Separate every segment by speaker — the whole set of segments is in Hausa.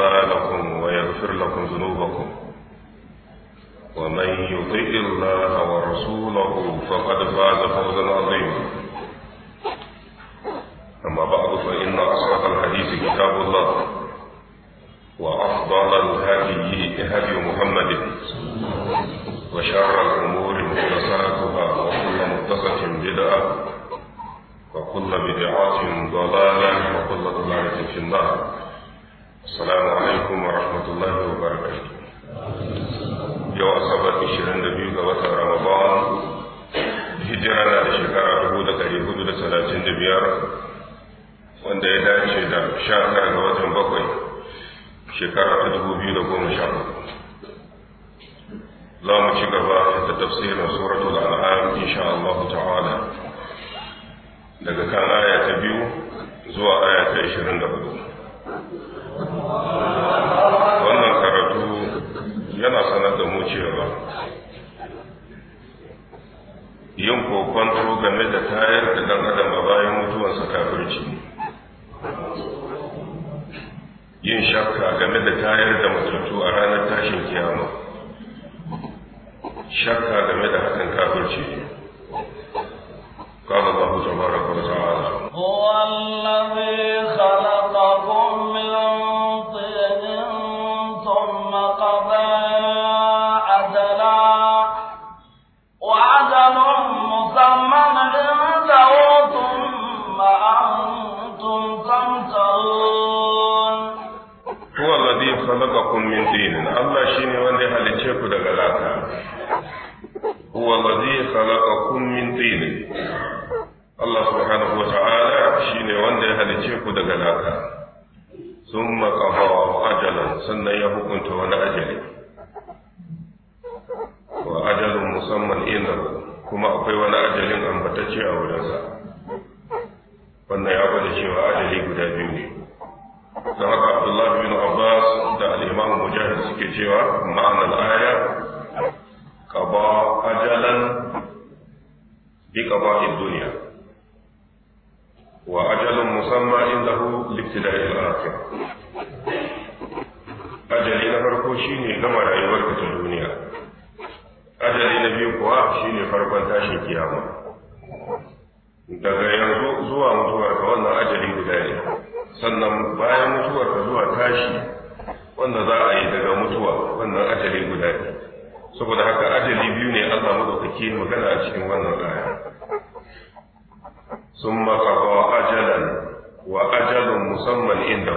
Speaker 1: أعمالكم ويغفر لكم ذنوبكم ومن يطع الله ورسوله فقد فاز فوزا عظيما أما بعد فإن أصدق الحديث كتاب الله وأفضل الهدي هدي محمد وشر الأمور محدثاتها وكل محدثة بدعة وكل بدعة ضلالة وكل ضلالة في النار Assalamu alaikum wa rahmatullahi wa barakatuh. Yau Asabar 22 ga watan Ramadan, hijira na da shekara 1435 wanda ya dace da 19 ga watan bakwai shekara ta 2014. za mu ci gaba da tafsirin suratul al'am insha Allah ta'ala daga kan aya ta biyu zuwa aya ta 24 wannan karatu yana sanar da mu cewa
Speaker 2: yin kokonto game da tayar da dan adam a bayan mutuwansa kafirci
Speaker 1: yin shakka game da tayar da matattu a ranar tashin kiyama shakka game da hakan kafirci قال الله
Speaker 2: تبارك وتعالى
Speaker 3: هو الذي خلق
Speaker 1: huwa allazi khalaqakum min tin Allah subhanahu wa ta'ala shine wanda ya halice daga laka summa qada ajalan sannan ya hukunta wani ajali wa ajalun musamman inda kuma akwai wani ajalin ambatacce a wurinsa wannan ya gwada cewa ajali guda biyu ne don haka abdullahi bin abbas da al'imam mujahid suke cewa ma'anar inda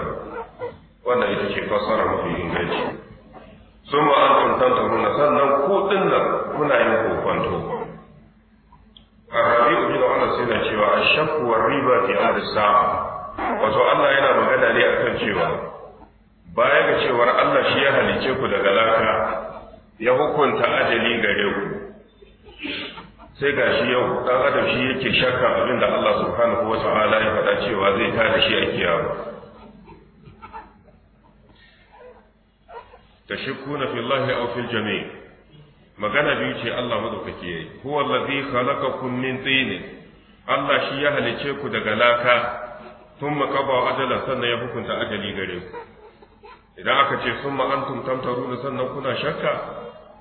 Speaker 1: wannan ita ce fasara mafi inganci sun ba an tuntanta kuna sannan kuɗin nan kuna yin kokonto a rabi da wannan sai na cewa a shakkuwar riba fi ahli sa'a wato Allah yana magana ne akan cewa baya ga cewar Allah shi ya halice ku daga laka ya hukunta ajali gare ku sai ga shi yau dan adam shi yake shakka abin da Allah subhanahu wa ta'ala ya faɗa cewa zai tada shi a kiyama yashakkuna fillahi aw fil jami' magana biyu ce Allah madaukaki yayi huwa allazi khalaqakum min tin Allah shi ya halice ku daga laka thumma qada ajala sannan ya hukunta ajali gare ku idan aka ce summa antum tamtaruna sannan kuna shakka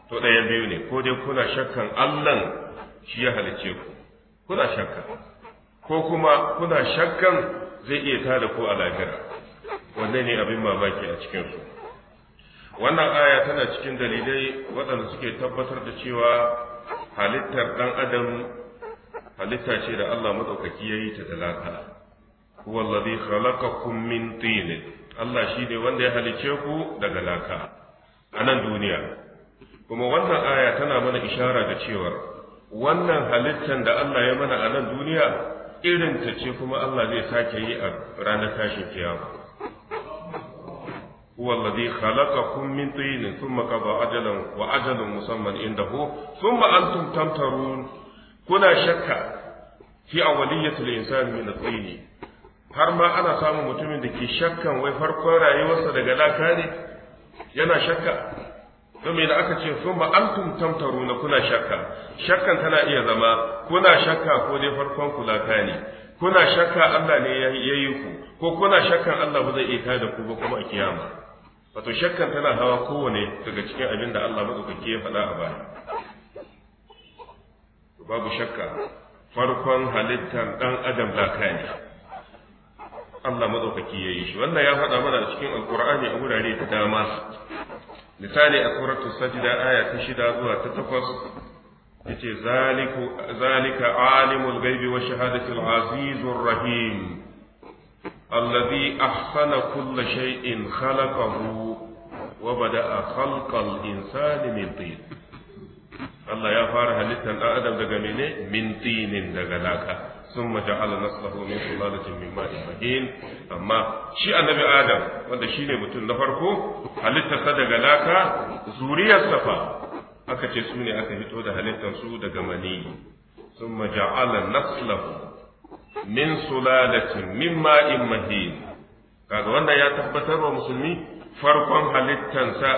Speaker 1: to ɗayan biyu ne ko dai kuna shakkan Allah shi ya halice ku kuna shakka ko kuma kuna shakkan zai iya tada ko a lahira wannan ne abin mamaki a cikinsu wannan aya tana cikin dalilai waɗanda suke tabbatar da cewa halittar ɗan adam halitta ce da Allah maɗaukaki ya yi ta talaka wallazi khalaqakum min tin Allah shi ne wanda ya halice ku daga laka a nan duniya kuma wannan aya tana mana ishara da cewa wannan halittar da Allah ya mana a nan duniya irin ta ce kuma Allah zai sake yi a ranar tashin kiyama هو الذي خلقكم من طين ثم قضى أجلا وأجل مسمى عنده ثم أنتم تمترون كنا شك في أولية الإنسان من الطين har ma ana samun mutumin da ke shakkan wai farkon rayuwarsa daga laka ne yana shakka domin da aka ce sun antum tamtaru na kuna shakka shakkan tana iya zama kuna shakka ko dai farkon ku laka ne kuna shakka Allah ne ya yi ku ko kuna shakkan Allah ba zai iya da ku ba kuma a kiyama wato shakkan tana hawa kowane daga cikin abin da Allah maɗaukaki ya faɗa a baya babu shakka farkon halittar ɗan adam da ne Allah maɗaukaki ya yi shi wannan ya faɗa mana a cikin alkur'ani a wurare da dama misali a suratul sajda aya ta shida zuwa ta takwas yace zalika alimul ghaibi wa shahadatul azizur rahim الذي أحسن كل شيء خلقه وبدأ خلق الإنسان من طين الله يا فارها لتن آدم دقميني من طين دقلاك ثم جعل نسله من سلالة من ماء مهين أما شيء النبي آدم وده شيء متن نفركو halittar sa daga laka zuriyarsa fa aka ce su ne aka fito da halittar su daga maniyi sun maja'ala naslahu min sulalatin min ma'in mahin kaga wannan ya tabbatar wa musulmi farkon halittansa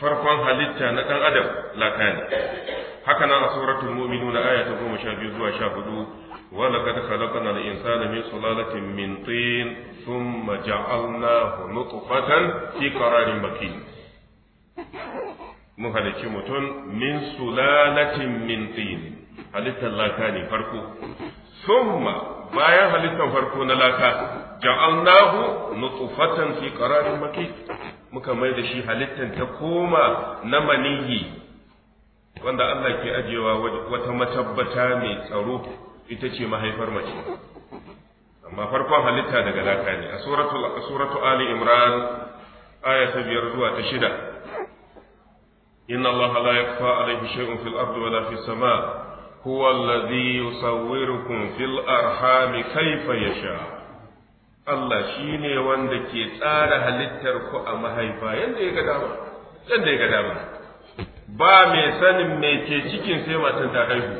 Speaker 1: farkon halitta na dan adam lakani. haka nan a suratul mu'minun aya ta 12 zuwa 14 wa laqad khalaqna al-insana min sulalatin min tin thumma ja'alnahu nutfatan fi qararin makin mun halicci mutum min sulalatin min tin halittar laka ne farko summa bayan halittar farko na laka ja'alnahu nutfatan fi qararin makin muka mai da shi halittar ta koma na manihi. wanda Allah ke ajewa wata matabbata mai tsaro ita ce mahaifar mace amma farkon halitta daga laka ne a suratu ali imran aya ta biyar zuwa ta shida
Speaker 4: inna allaha la yakfa alayhi shay'un fil ardi wala fis sama' هو الذي يصوركم في الأرحام
Speaker 1: كيف يشاء الله شيني ne wanda ke tsara halittar ku a يندي قدام ya ga dama yadda ya ga dama ba mai sanin me ke cikin sai matan ta haihu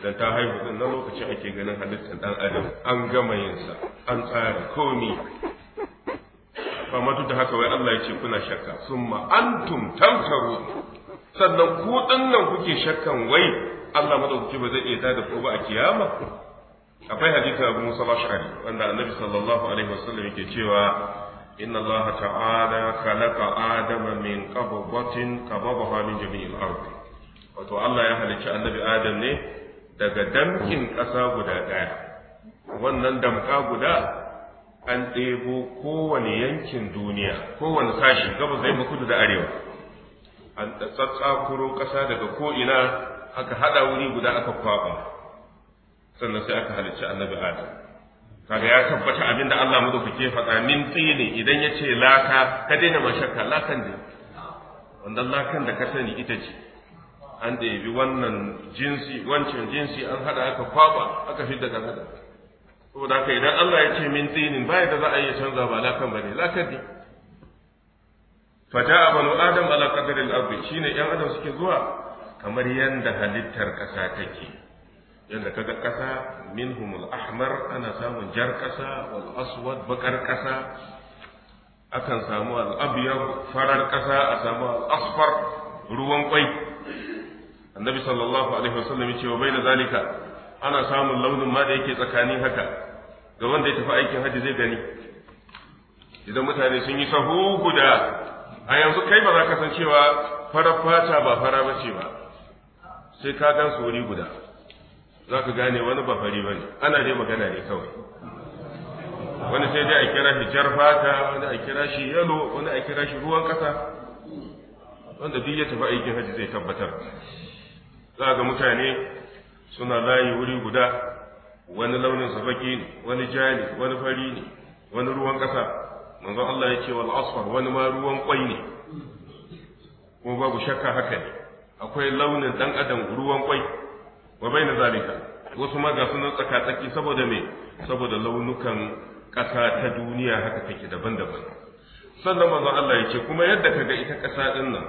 Speaker 1: idan ta haihu din na lokacin ake ganin halittar dan adam an gama yin sa an tsara komi ba matu da haka wai Allah ya ce kuna shakka summa antum tamkaru sannan ku nan kuke shakkan wai Allah madaukaki ba zai iya tada ku ba a kiyama akwai hadisi Abu Musa al-Ash'ari wanda Annabi sallallahu alaihi wasallam yake cewa inna Allah ta'ala khalaqa adama min qabdatin qababaha min jami'il ard wato Allah ya halicci Annabi Adam ne daga damkin ƙasa guda ɗaya wannan damka guda an ɗebo kowane yankin duniya kowane sashi gabas zai kudu da arewa an tsatsakuro ƙasa daga ko'ina aka haɗa wuri guda aka kwaɓa sannan sai aka halicci annabi adam kaga ya tabbata abin da Allah mu ke faɗa min tsini idan ya ce laka ka daina mashakka lakan ne wannan lakan da ka sani ita ce an ɗebi wannan jinsi wancan jinsi an haɗa aka kwaba aka fi daga adam saboda haka idan Allah ya ce min tsini baya da za a iya canza ba lakan ba ne lakan ne fata banu adam ala qadril ardi shine yan adam suke zuwa kamar yadda halittar ƙasa take yanda kaga kasa humul ahmar ana samun jar ƙasa, wal aswad bakar kasa
Speaker 4: akan samu al abyad farar kasa
Speaker 1: a samu asfar ruwan kwai annabi sallallahu alaihi wasallam yace wa baina zalika ana samun launin ma da yake tsakanin haka ga wanda ya tafi aikin haji zai gani idan mutane sun yi sahu guda a yanzu kai ba za ka san cewa farar fata ba fara ba ce ba sai ka gan su wuri guda za ka gane wani ba fari ba ne ana dai magana ne kawai wani sai dai a kira shi jar fata wani a kira shi yalo wani a kira shi ruwan kasa wanda duk ya tafi aikin haji zai tabbatar za ga mutane suna layi wuri guda wani launin su baki ne wani ja ne wani fari ne wani ruwan kasa manzo Allah ya ce wal asfar wani ma ruwan kwai ne kuma babu shakka haka ne akwai launin dan adam ruwan kwai wa baina zalika wasu ma ga sunan tsaka tsaki saboda me saboda launukan ƙasa ta duniya haka take daban-daban sannan manzo Allah ya ce kuma yadda kaga ita ƙasa din nan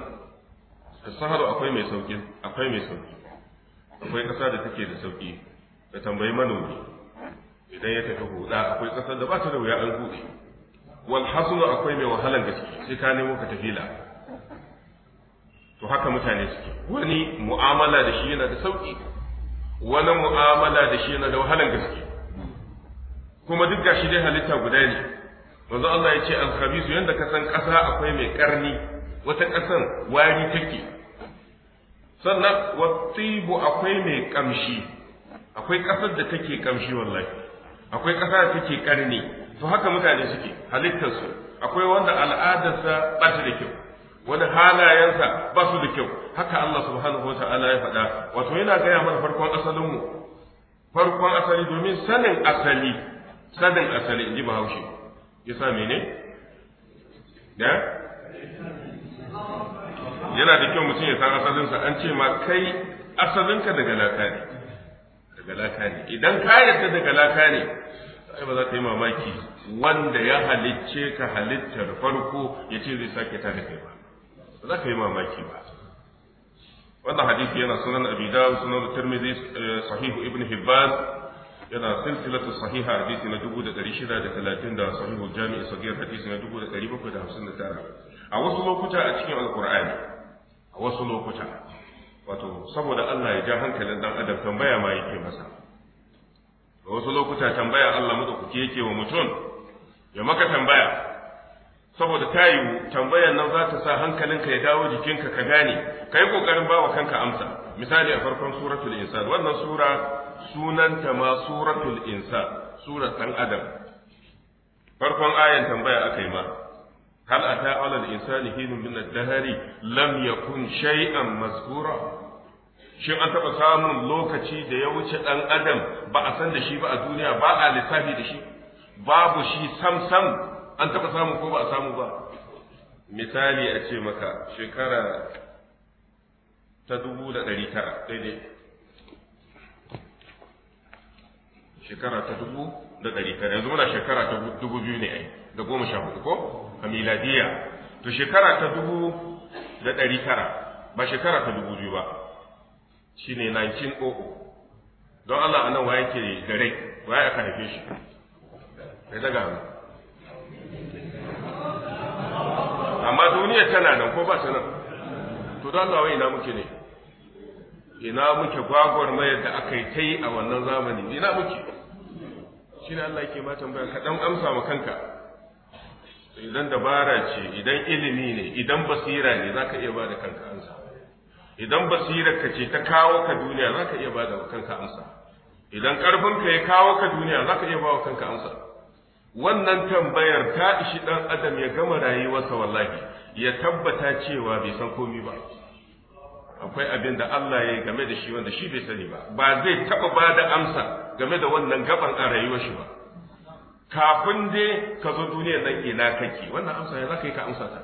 Speaker 1: saharu akwai mai sauki akwai mai sauki akwai ƙasa da take da sauki ka tambayi manomi idan ya tafi huda akwai ƙasar da ba ta da wuya an hude wal hasnu akwai mai wahalan gaske sai ka nemo ka tafila to haka mutane suke wani mu'amala da shi yana da sauki wani mu'amala da shi yana da wahalan gaske kuma duk gashi dai halitta guda ne wanzu Allah ya ce alkhabisu yanda ka san ƙasa akwai mai karni wata ƙasan wari take sannan wattibu akwai mai kamshi akwai ƙasar da take kamshi wallahi akwai ƙasa da take karni to haka mutane suke halittarsu akwai wanda al'adarsa ba ta da kyau wani halayensa ba su da kyau haka Allah subhanahu wa ta'ala ya faɗa wato yana gaya mana farkon asalinmu farkon asali domin sanin asali sanin asali in ji bahaushe ya sa mene da
Speaker 2: yana da kyau mutum ya san asalinsa an ce ma kai
Speaker 1: asalinka daga laka ne daga laka ne idan ka yarda daga laka ne ai ba za ka yi mamaki wanda ya halicce ka halittar farko ya ce zai sake ta da kai ba za ka yi mamaki ba
Speaker 4: wannan hadisi yana
Speaker 1: sunan abi dawud sunan tirmidhi eh, sahihu ibn hibban yana silsilatu sahiha hadisi na dubu da sahihu jami'i sagir hadisi na tara. a wasu lokuta a cikin alqur'ani a wasu lokuta wato saboda Allah ya ja hankalin dan adam tambaya ma yake masa a wasu lokuta tambaya Allah madaukaki yake wa mutum ya maka tambaya saboda ta yiwu tambayar nan za ta sa hankalinka ya dawo jikinka ka gane ka yi ƙoƙarin ba wa kanka amsa misali a farkon suratul insan wannan sura sunanta ma suratul insan surat ɗan adam farkon ayan tambaya aka yi ma hal ata ala al-insani hinun min ad-dahri lam yakun shay'an mazkura shin an taɓa samun lokaci da ya wuce ɗan adam ba a san da shi ba a duniya ba a lissafi da shi babu shi sam sam an taɓa samu ko ba a samu ba misali a ce maka shekara ta dubu da ɗari tara daidai shekara ta dubu da ɗari tara yanzu muna shekara ta dubu biyu ne ai da goma sha hudu ko a miladiya to shekara ta dubu da ɗari tara ba shekara ta dubu biyu ba Shi ne 1900 don Allah anan wa yake da rai wa ya aka haife shi ya daga hannu amma duniya tana nan ko ba ta nan to don Allah ina muke ne ina muke gwagwarmayar da aka yi ta yi a wannan zamani ina muke shi ne Allah ke ba tambaya ka dan amsa ma kanka idan dabara ce idan ilimi ne idan basira ne zaka iya bada kanka amsa idan basirar ka ce ta kawo ka duniya zaka iya da kanka amsa idan karfin ka ya kawo ka duniya zaka iya bawa kanka amsa wannan tambayar ta ishi dan adam ya gama rayuwarsa wallahi ya tabbata cewa bai san komi ba akwai abin da Allah ya yi game da shi wanda shi bai sani ba ba zai taɓa ba da amsa game da wannan gaban a rayuwar shi ba kafin dai ka zo duniyar nan ina kake wannan amsa ya za ka yi ka amsa ta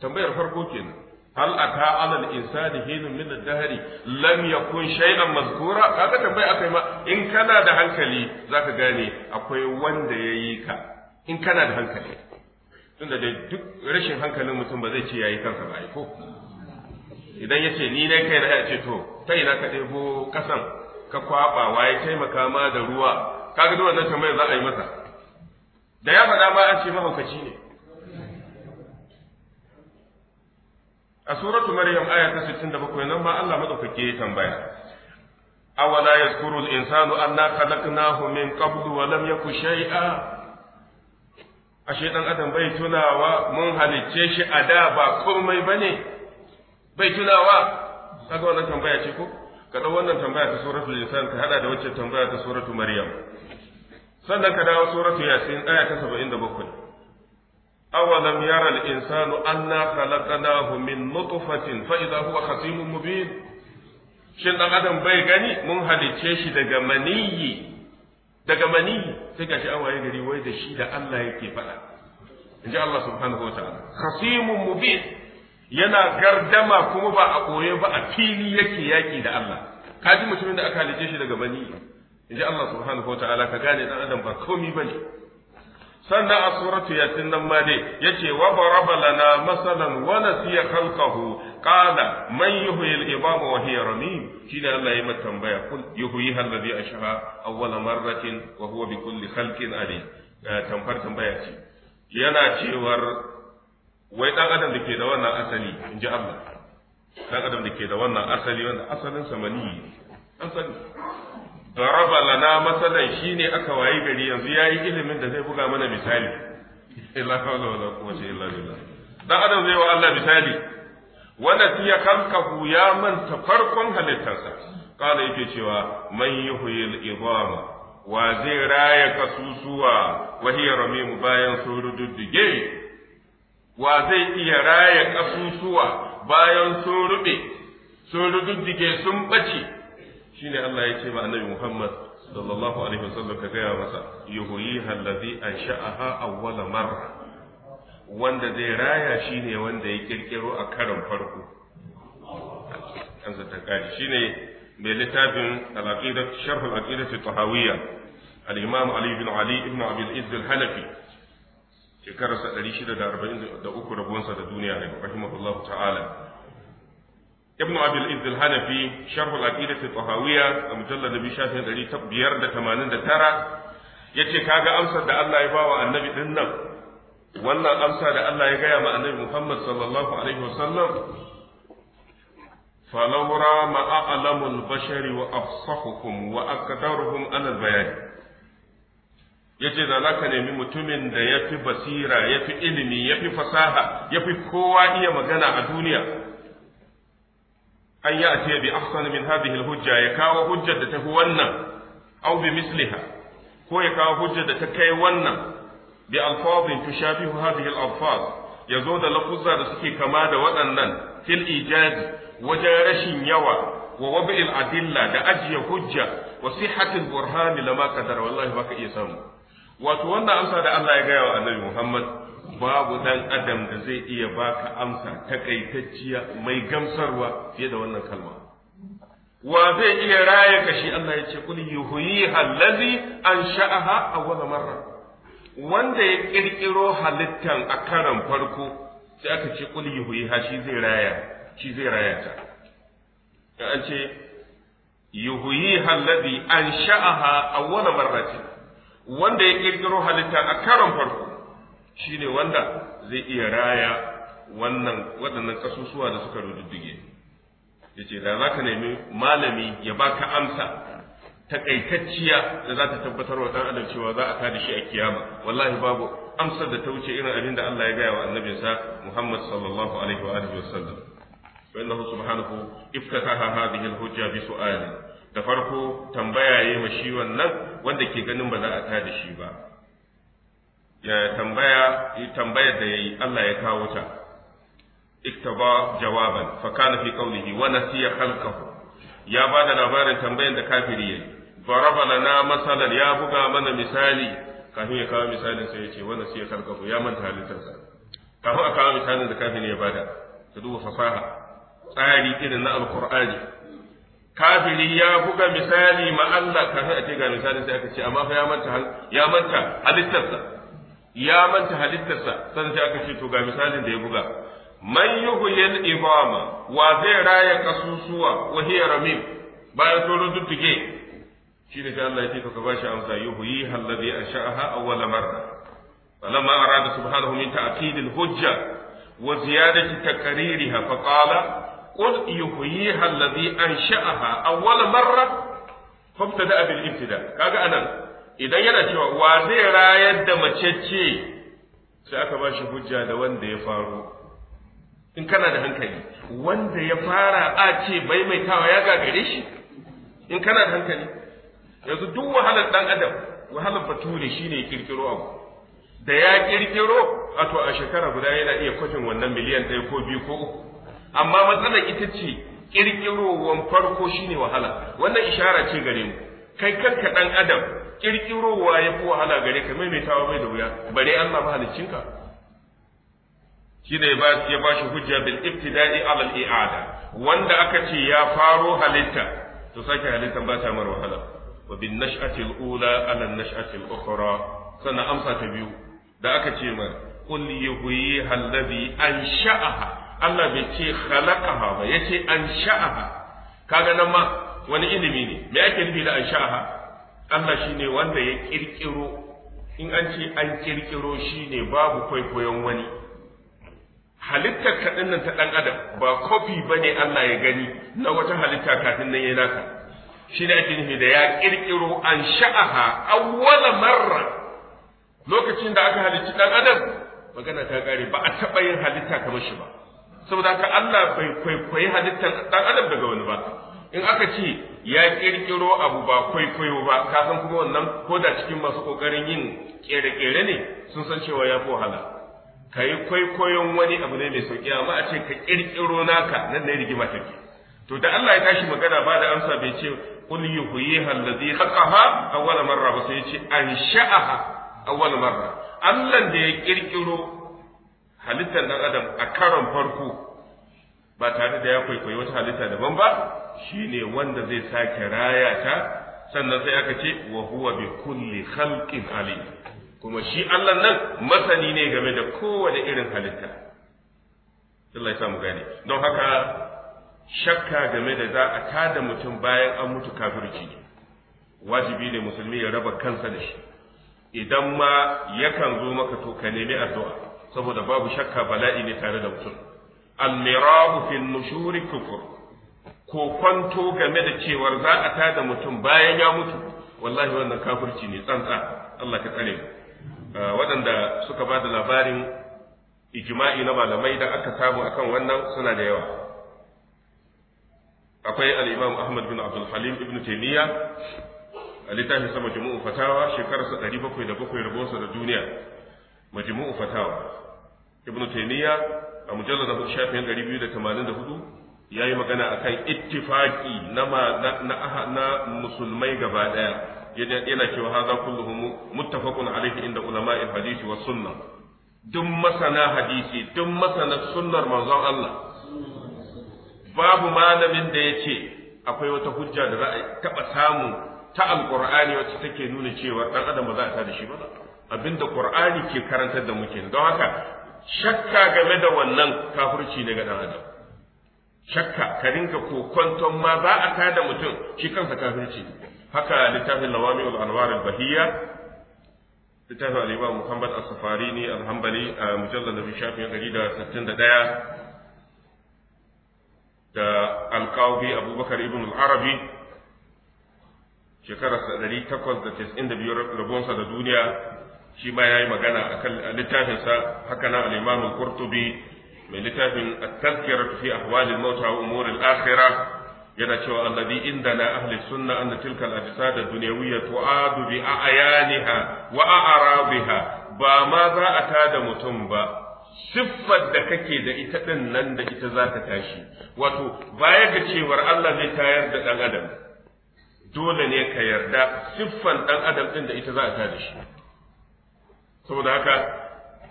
Speaker 1: tambayar farko kenan hal ata alal insani hinun min ad-dahri lam yakun shay'an mazkura kaga tambayi akai ma in kana da hankali zaka gane akwai wanda yayi ka in kana da hankali tunda da duk rashin hankalin mutum ba zai ce yayi kansa ba ko idan yace ni ne kai na ya ce to ta ina ka ɗebo kasan ka kwaba waye taimaka ma da ruwa kaga duk wannan tambayar za a yi masa da ya faɗa ba an ce mahaukaci ne a suratu maryam aya ta 67 nan ma Allah madaukake ya tambaya awala yazkuru al-insanu anna khalaqnahu min qablu wa lam yaku shay'a ashe dan adam bai tunawa mun halicce shi a da ba komai bane bai tunawa kaga wannan tambaya ce ko ka wannan tambaya ta suratul insan ta hada da wacce tambaya ta suratu maryam sannan ka dawo suratul yasin aya ta 77 أولم يرى الإنسان أنا خلقناه من نطفة فإذا هو خصيم مبين shin ɗan adam bai gani mun halicce shi daga maniyyi daga maniyyi sai gashi an gari wai da shi da Allah yake faɗa in Allah subhanahu wa ta'ala khasimun yana gardama kuma ba a koye ba a fili yake yaki da Allah kaji mutumin da aka halicce daga ji Allah subhanahu wa ta'ala ka gane ɗan adam ba komi bane sannan a suratu yasin nan ma dai yace wa baraba lana masalan wa nasiya khalqahu qala man yuhyi al-ibama wa hiya ramim shine Allah ya mata tambaya kul yuhyi alladhi ashha awwala marratin wa huwa bi kulli khalqin alim eh, tamfar tambaya ce yana cewar wai dan adam dake da wannan asali inji Allah dan adam dake da wannan asali wanda asalin samani
Speaker 2: asali daraba
Speaker 1: lana masalan shine aka waye gari yanzu yayi ilimin da zai buga mana misali illa hawla wala quwwata illa billah dan adam zai wa Allah misali wanda fi khalqahu ya manta farkon halittarsa kala yake cewa man yuhyil idama wa zai raya kasusuwa wa hiya ramimu bayan sun wa zai iya raya kasusuwa bayan sun rube sun rududdige sun bace shine Allah ya ce ma annabi Muhammad sallallahu alaihi wasallam ka gaya masa yuhyi allazi ansha'aha awwala marra wanda zai raya shine wanda ya kirkiro a karon farko an zata kai shine mai littafin al-aqidah sharh al-aqidah at-tahawiyya al-imam Ali bin Ali ibn Abi al-Izz al-Halafi shekararsa 643 rabuwansa da duniya ne rahimahullahu ta'ala
Speaker 2: ibn abil izz al-hanafi sharh al-aqidah at-tahawiyya a mujallad bi shafin 589
Speaker 1: yace kaga amsar da Allah ya bawa annabi din nan wannan amsa da Allah ya gaya ma annabi Muhammad sallallahu alaihi wasallam فلو رام أعلم البشر وأفصحهم وأقدرهم على البيان yace da za ka nemi mutumin da ya fi basira ya fi ilimi ya fi fasaha ya fi kowa iya magana a duniya an ya ce bi ahsan min hadhihi ya kawo hujjar da tafi wannan aw bi misliha ko ya kawo hujja da ta kai wannan bi alfadhin tushabihu hadhihi alafad ya zo da lafuza da suke kama da waɗannan fil ijaz wajen rashin yawa wa wab'il adilla da ajiye hujja wa sihhatil burhan lama qadara wallahi baka iya samu wato wannan amsa da Allah ya gaya wa annabi Muhammad babu dan adam da zai iya baka amsa takaitacciya mai gamsarwa fiye da wannan kalma wa zai iya raye ka shi? Allah ya ce kul yuhyiha allazi ansha'aha awwal marra wanda ya kirkiro halittan a karan farko sai aka ce kul ha shi zai raya shi zai raya ta an ce yuhyiha allazi ansha'aha awwal marra wanda ya kirkiro halitta a karan farko Shi ne wanda zai iya raya wannan waɗannan kasusuwa da suka rududdige ya ce da za ka nemi malami ya baka amsa takaitacciya da za ta tabbatar wa ɗan adam cewa za a tada shi a kiyama wallahi babu amsar da ta wuce irin abin da Allah ya gaya wa annabinsa Muhammad sallallahu alaihi wa alihi wasallam wa innahu subhanahu iftataha hadhihi al-hujja bi su'ali da farko tambaya yayi ma shi wannan wanda ke ganin ba za a tada shi ba ya tambaya tambayar da yayi Allah ya kawo ta iktaba jawaban fa kana fi qawlihi wa nasiya khalqahu ya bada labarin tambayar da kafiri yayi daraba lana masalan ya buga mana misali kafin ya kawo misalin sai ya ce wa nasiya khalqahu ya manta halittarsa kafin a kawo misalin da kafiri ya bada ka duba fasaha tsari irin na alqur'ani kafiri ya buga misali ma Allah kafin a ce ga misalin sai aka ce amma fa ya manta ya manta halittarsa ya manta halittarsa san sai aka ce to ga misalin da ya buga man yuhyil ibama wa zai raya kasusuwa wa hiya ramim bayan tsoro duttuke shi ne Allah ya ce to ka bashi amsa yuhyi alladhi ansha'aha awwala marra falamma arada subhanahu min ta'kid al-hujja wa ziyadati taqririha fa qala qul yuhyiha alladhi ansha'aha awwala marra fabtada bil ibtida kaga anan idan yana cewa wa zai rayar da ce sai aka ba shi hujja da wanda ya faro in kana da hankali wanda ya fara a ce bai mai tawa ya gagare shi in kana da hankali yanzu duk wahalar dan adam wahalar bature shi ya kirkiro abu da ya kirkiro wato a shekara guda yana iya kwafin wannan miliyan ɗaya ko biyu ko uku amma matsalar ita ce kirkirowan farko shine wahala wannan ishara ce gare mu kai kanka dan adam kirkirowa ya fi wahala gare ka maimaitawa mai da wuya bare Allah mahaliccinka shi ne ya ba shi hujja bil ibtida'i alal i'ada wanda aka ce ya faro halitta to sake halitta ba ta mar wahala wa bin nash'ati al ula ala nash'ati al ukhra amsa ta biyu da aka ce mar qul yuhyi allazi ansha'aha Allah bai ce khalaqaha ba yace ansha'aha kaga nan ma wani ilimi ne me ake nufi da ansha'aha Allah shi ne wanda ya ƙirƙiro in an ce an kirkiro ne babu kwaikwayon wani halittar kaɗin nan ta ɗan adam ba kofi ba ne Allah ya gani na wata halitta kafin nan ya naka ne ake nufi da ya ƙirƙiro an sha'aha awwala marra lokacin da aka halicci ɗan adam magana ta ƙare ba a taɓa yin halitta kamar shi ba saboda haka Allah bai kwaikwayi halittar ɗan adam daga wani ba in aka ce ya kirkiro abu ba kwaikwayo ba kasan kuma wannan ko da cikin masu kokarin yin kere-kere ne sun san cewa ya fi wahala ka yi kwaikwayon wani abu ne mai sauki amma a ce ka kirkiro naka nan ne rigima take to da Allah ya tashi magana ba da amsa bai ce qul yuhyiha allazi khalaqaha awwal marra ba sai ya ce ansha'aha awwal marra Allah da ya kirkiro halittar dan adam a karon farko
Speaker 4: ba tare da ya kwaikwayi wata halitta
Speaker 1: daban ba Shi ne wanda zai sake raya ta sannan sai aka ce wa huwa bi kulli khalqin ali kuma shi Allah nan masani ne game da kowane irin halitta Allah ya samu gane don haka shakka game da za a tada mutum bayan an mutu kafirci wajibi ne musulmi ya raba kansa da shi idan ma yakan zo maka to ka nemi addu'a saboda babu shakka bala'i ne tare da mutum al-mirabu fil nushuri kufur kokonto game da cewar za a tada mutum bayan ya mutu wallahi wannan kafirci ne tsantsa Allah ka tsare ah, waɗanda suka ba da labarin ijima'i na malamai da aka samu akan wannan suna da yawa akwai al-Imam Ahmad bin Abdul Halim ibn Taymiyyah a littafin sa majmu'u fatawa shekararsa 707 rabonsa da duniya majmu'u fatawa ibn Taymiyyah a mujallar shafin 284 ya yi magana akan ittifaki na musulmai gaba ɗaya yana cewa haza kulluhu muttafaqun alaihi inda ulama hadisi wa sunna duk masana hadisi duk masana sunnar manzon Allah babu malamin da ya ce akwai wata hujja da za a taɓa samu ta alƙur'ani wacce take nuna cewa ɗan adam ba za a da shi ba abinda ƙur'ani ke karantar da muke don haka shakka game da wannan kafirci ne ga ɗan adam shakka ka dinga kokonton ma za a tada mutum shi kansa kafirci haka littafin lawami ul anwar al bahiyya littafin al imam muhammad as-safarini al hanbali a mujallal da shafin 161 da al alqawi abubakar ibn al arabi shekarar 892 rabonsa da duniya shi ma yayi magana akan littafinsa haka na al imam al qurtubi mai littafin at-tazkiratu fi ahwalil mauta wa umuril akhirah yana cewa alladhi na ahli sunna anna tilka al-ajsad ad-dunyawiyya tu'adu bi a'yaniha wa a'rabiha ba ma za a tada mutum ba siffar da kake da ita ɗin nan da ita za ta tashi wato baya ga cewar Allah zai tayar da ɗan adam dole ne ka yarda siffan ɗan adam ɗin da ita za a tada shi saboda haka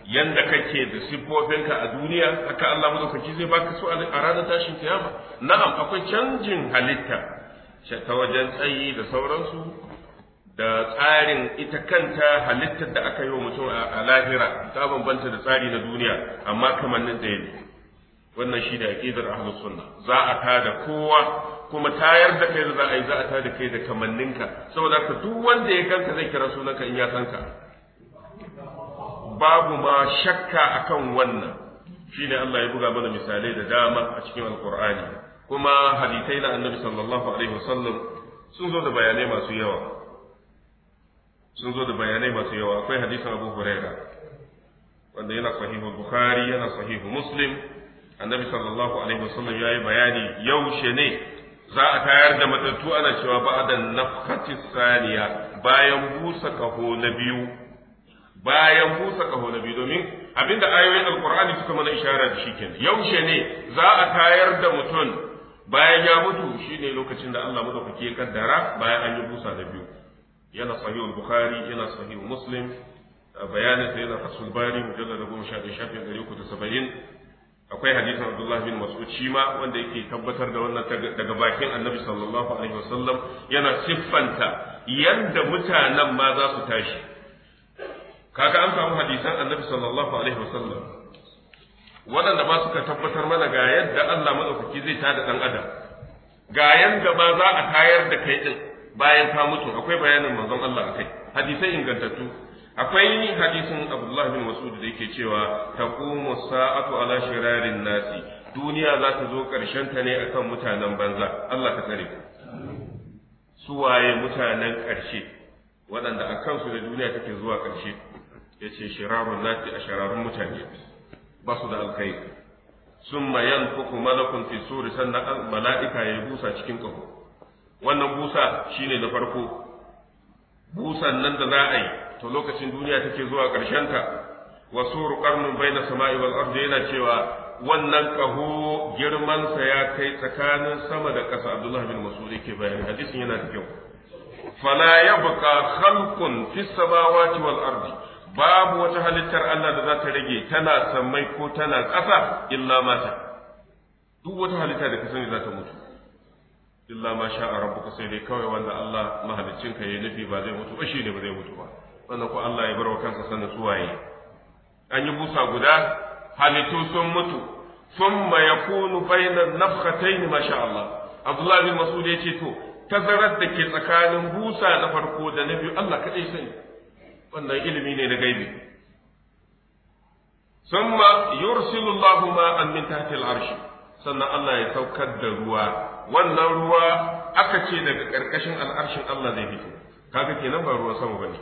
Speaker 1: yanda kake da siffofinka a duniya haka Allah madaukaki zai baka su a ranar tashin kiyama na'am akwai canjin halitta ta wajen tsayi da sauransu da tsarin ita kanta halittar da aka yi wa mutum a lahira ta bambanta da tsari na duniya amma kamannin da ne wannan shi da aqidar ahlus sunna za a ta da kowa kuma tayar da kai da za a yi za a tada kai da kamanninka saboda ka duk wanda ya kanta zai kira sunanka in ya ka. babu ma shakka akan wannan shine Allah ya buga mana misalai da dama a cikin alqur'ani kuma hadisai na annabi sallallahu alaihi wasallam sun zo da bayanai masu yawa sun zo da bayanai masu yawa akwai hadisin Abu Huraira wanda yana sahihu Bukhari yana sahihu Muslim annabi sallallahu alaihi wasallam yi bayani yaushe ne za a tayar da matattu ana cewa ba'da nafkhati saniya bayan busa kaho na biyu bayan busa kaho na biyu domin abinda ayoyin alkur'ani suka mana ishara da shi kenan yaushe ne za a tayar da mutum bayan ya mutu shine lokacin da Allah madaukake ya kaddara bayan an yi busa da biyu yana sahihul bukhari yana sahihul muslim bayanin sa yana fasul bari mujallad 11 shafin 370 akwai hadisin Abdullah bin Mas'ud shi ma wanda yake tabbatar da wannan daga bakin Annabi sallallahu alaihi wasallam yana siffanta yanda mutanen ma za su tashi kaga an samu hadisan annabi sallallahu alaihi wasallam waɗanda ba suka tabbatar mana ga yadda Allah madaukaki zai tada dan adam ga yanda ba za a tayar da kai din bayan ka mutu akwai bayanin manzon Allah akai hadisai ingantattu akwai hadisin Abdullah bin Mas'ud da yake cewa taqumu sa'atu ala shirarin nasi duniya za ta zo karshen ta ne akan mutanen banza Allah ka tsare su waye mutanen ƙarshe waɗanda a kansu da duniya take zuwa ƙarshe yace shirarun nasi a mutane ba su da sun summa yanfuku malakun fi suri sannan mala'ika ya busa cikin kaho wannan busa shine na farko busan nan da za a yi to lokacin duniya take zuwa ƙarshenta wa suru bai baina sama'i wal ardi yana cewa wannan kaho girmansa ya kai tsakanin sama da ƙasa abdullahi bin masudi ke bayani hadisin yana da kyau fala yabqa khalqun fis samawati wal ardi babu wata halittar Allah da za ta rage tana sammai ko tana ƙasa illa mata duk wata halitta da ka sani za ta mutu illa ma sha rabbuka sai dai kawai wanda Allah ka ya nufi ba zai mutu ba shi ne ba zai mutu ba wannan ko Allah ya bar wa kansa su suwaye an yi busa guda halittu sun mutu ثم يكون بين النفختين ما شاء Allah. Abdullahi الله بن مسعود yace to tazarar da ke tsakanin busa na farko da na biyu Allah kadai sani wannan ilimi ne na gaibi summa yursilu Allahu ma'an min tahti al sannan Allah ya saukar da ruwa wannan ruwa aka ce daga karkashin al'arshin Allah zai fito kaga kenan ba ruwan sama bane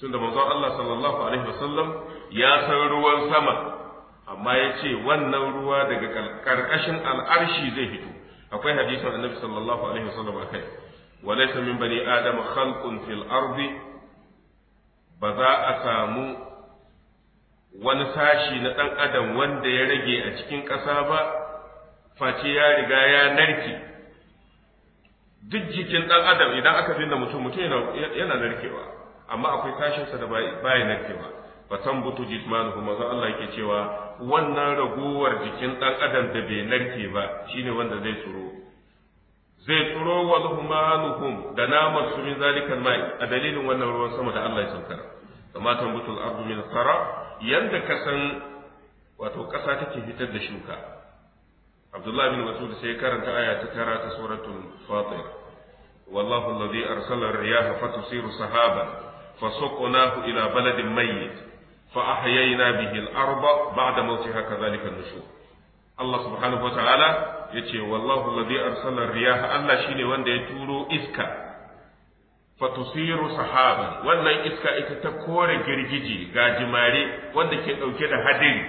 Speaker 1: tunda manzon Allah sallallahu alaihi wasallam ya san ruwan sama amma ya ce wannan ruwa daga karkashin al'arshi zai fito akwai hadisin annabi sallallahu alaihi wasallam akai وليس من بني آدم خلق في الأرض ba za a samu wani sashi na ɗan adam wanda ya rage a cikin ƙasa ba face ya riga ya narke duk jikin ɗan adam idan aka binne mutum mutum yana narkewa amma akwai sashensa da baya narkewa butu jismanu kuma za Allah yake cewa wannan raguwar jikin ɗan adam da bai narke ba shine wanda zai tsoro zai tsoro wa zuhmanuhum da naman su min zalikal mai a dalilin wannan ruwan sama da Allah ya saukar da. tambutul ardu min sara yanda ka san wato ƙasa take fitar da shuka Abdullahi bin Mas'ud sai karanta aya ta tara ta suratul Fatir wallahu alladhi arsala ar-riyaha fatusiru sahaban fasuqnahu ila baladin mayyit fa ahyayna bihi al-arda ba'da mawtiha kadhalika an-nushur Allah subhanahu wa ta'ala yace wallahu alladhi arsala riya Allah shine wanda ya turo iska fatusiru sahaba. wannan iska ita ta kore girgiji ga jimare wanda ke dauke da hadiri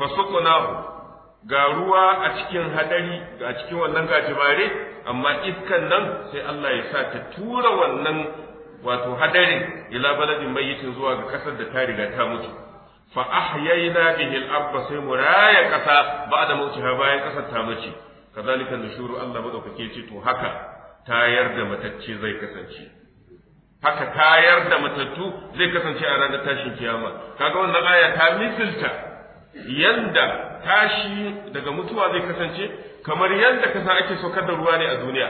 Speaker 1: fasuqnahu ga ruwa a cikin hadari ga cikin wannan gajimare amma iskan nan sai Allah ya sa ta tura wannan wato hadarin ila baladin mayyitin zuwa ga ƙasar da ta riga ta mutu fa ahyayna bihi al-ardh sai mu raya da ba'da mautiha bayan kasar ta mace kazalika nushuru Allah madaukake ce to haka tayar da matacce zai kasance haka tayar da matattu zai kasance a ranar tashin kiyama kaga wannan aya ta misilta yanda tashi daga mutuwa zai kasance kamar yanda kasa ake saukar da ruwa ne a duniya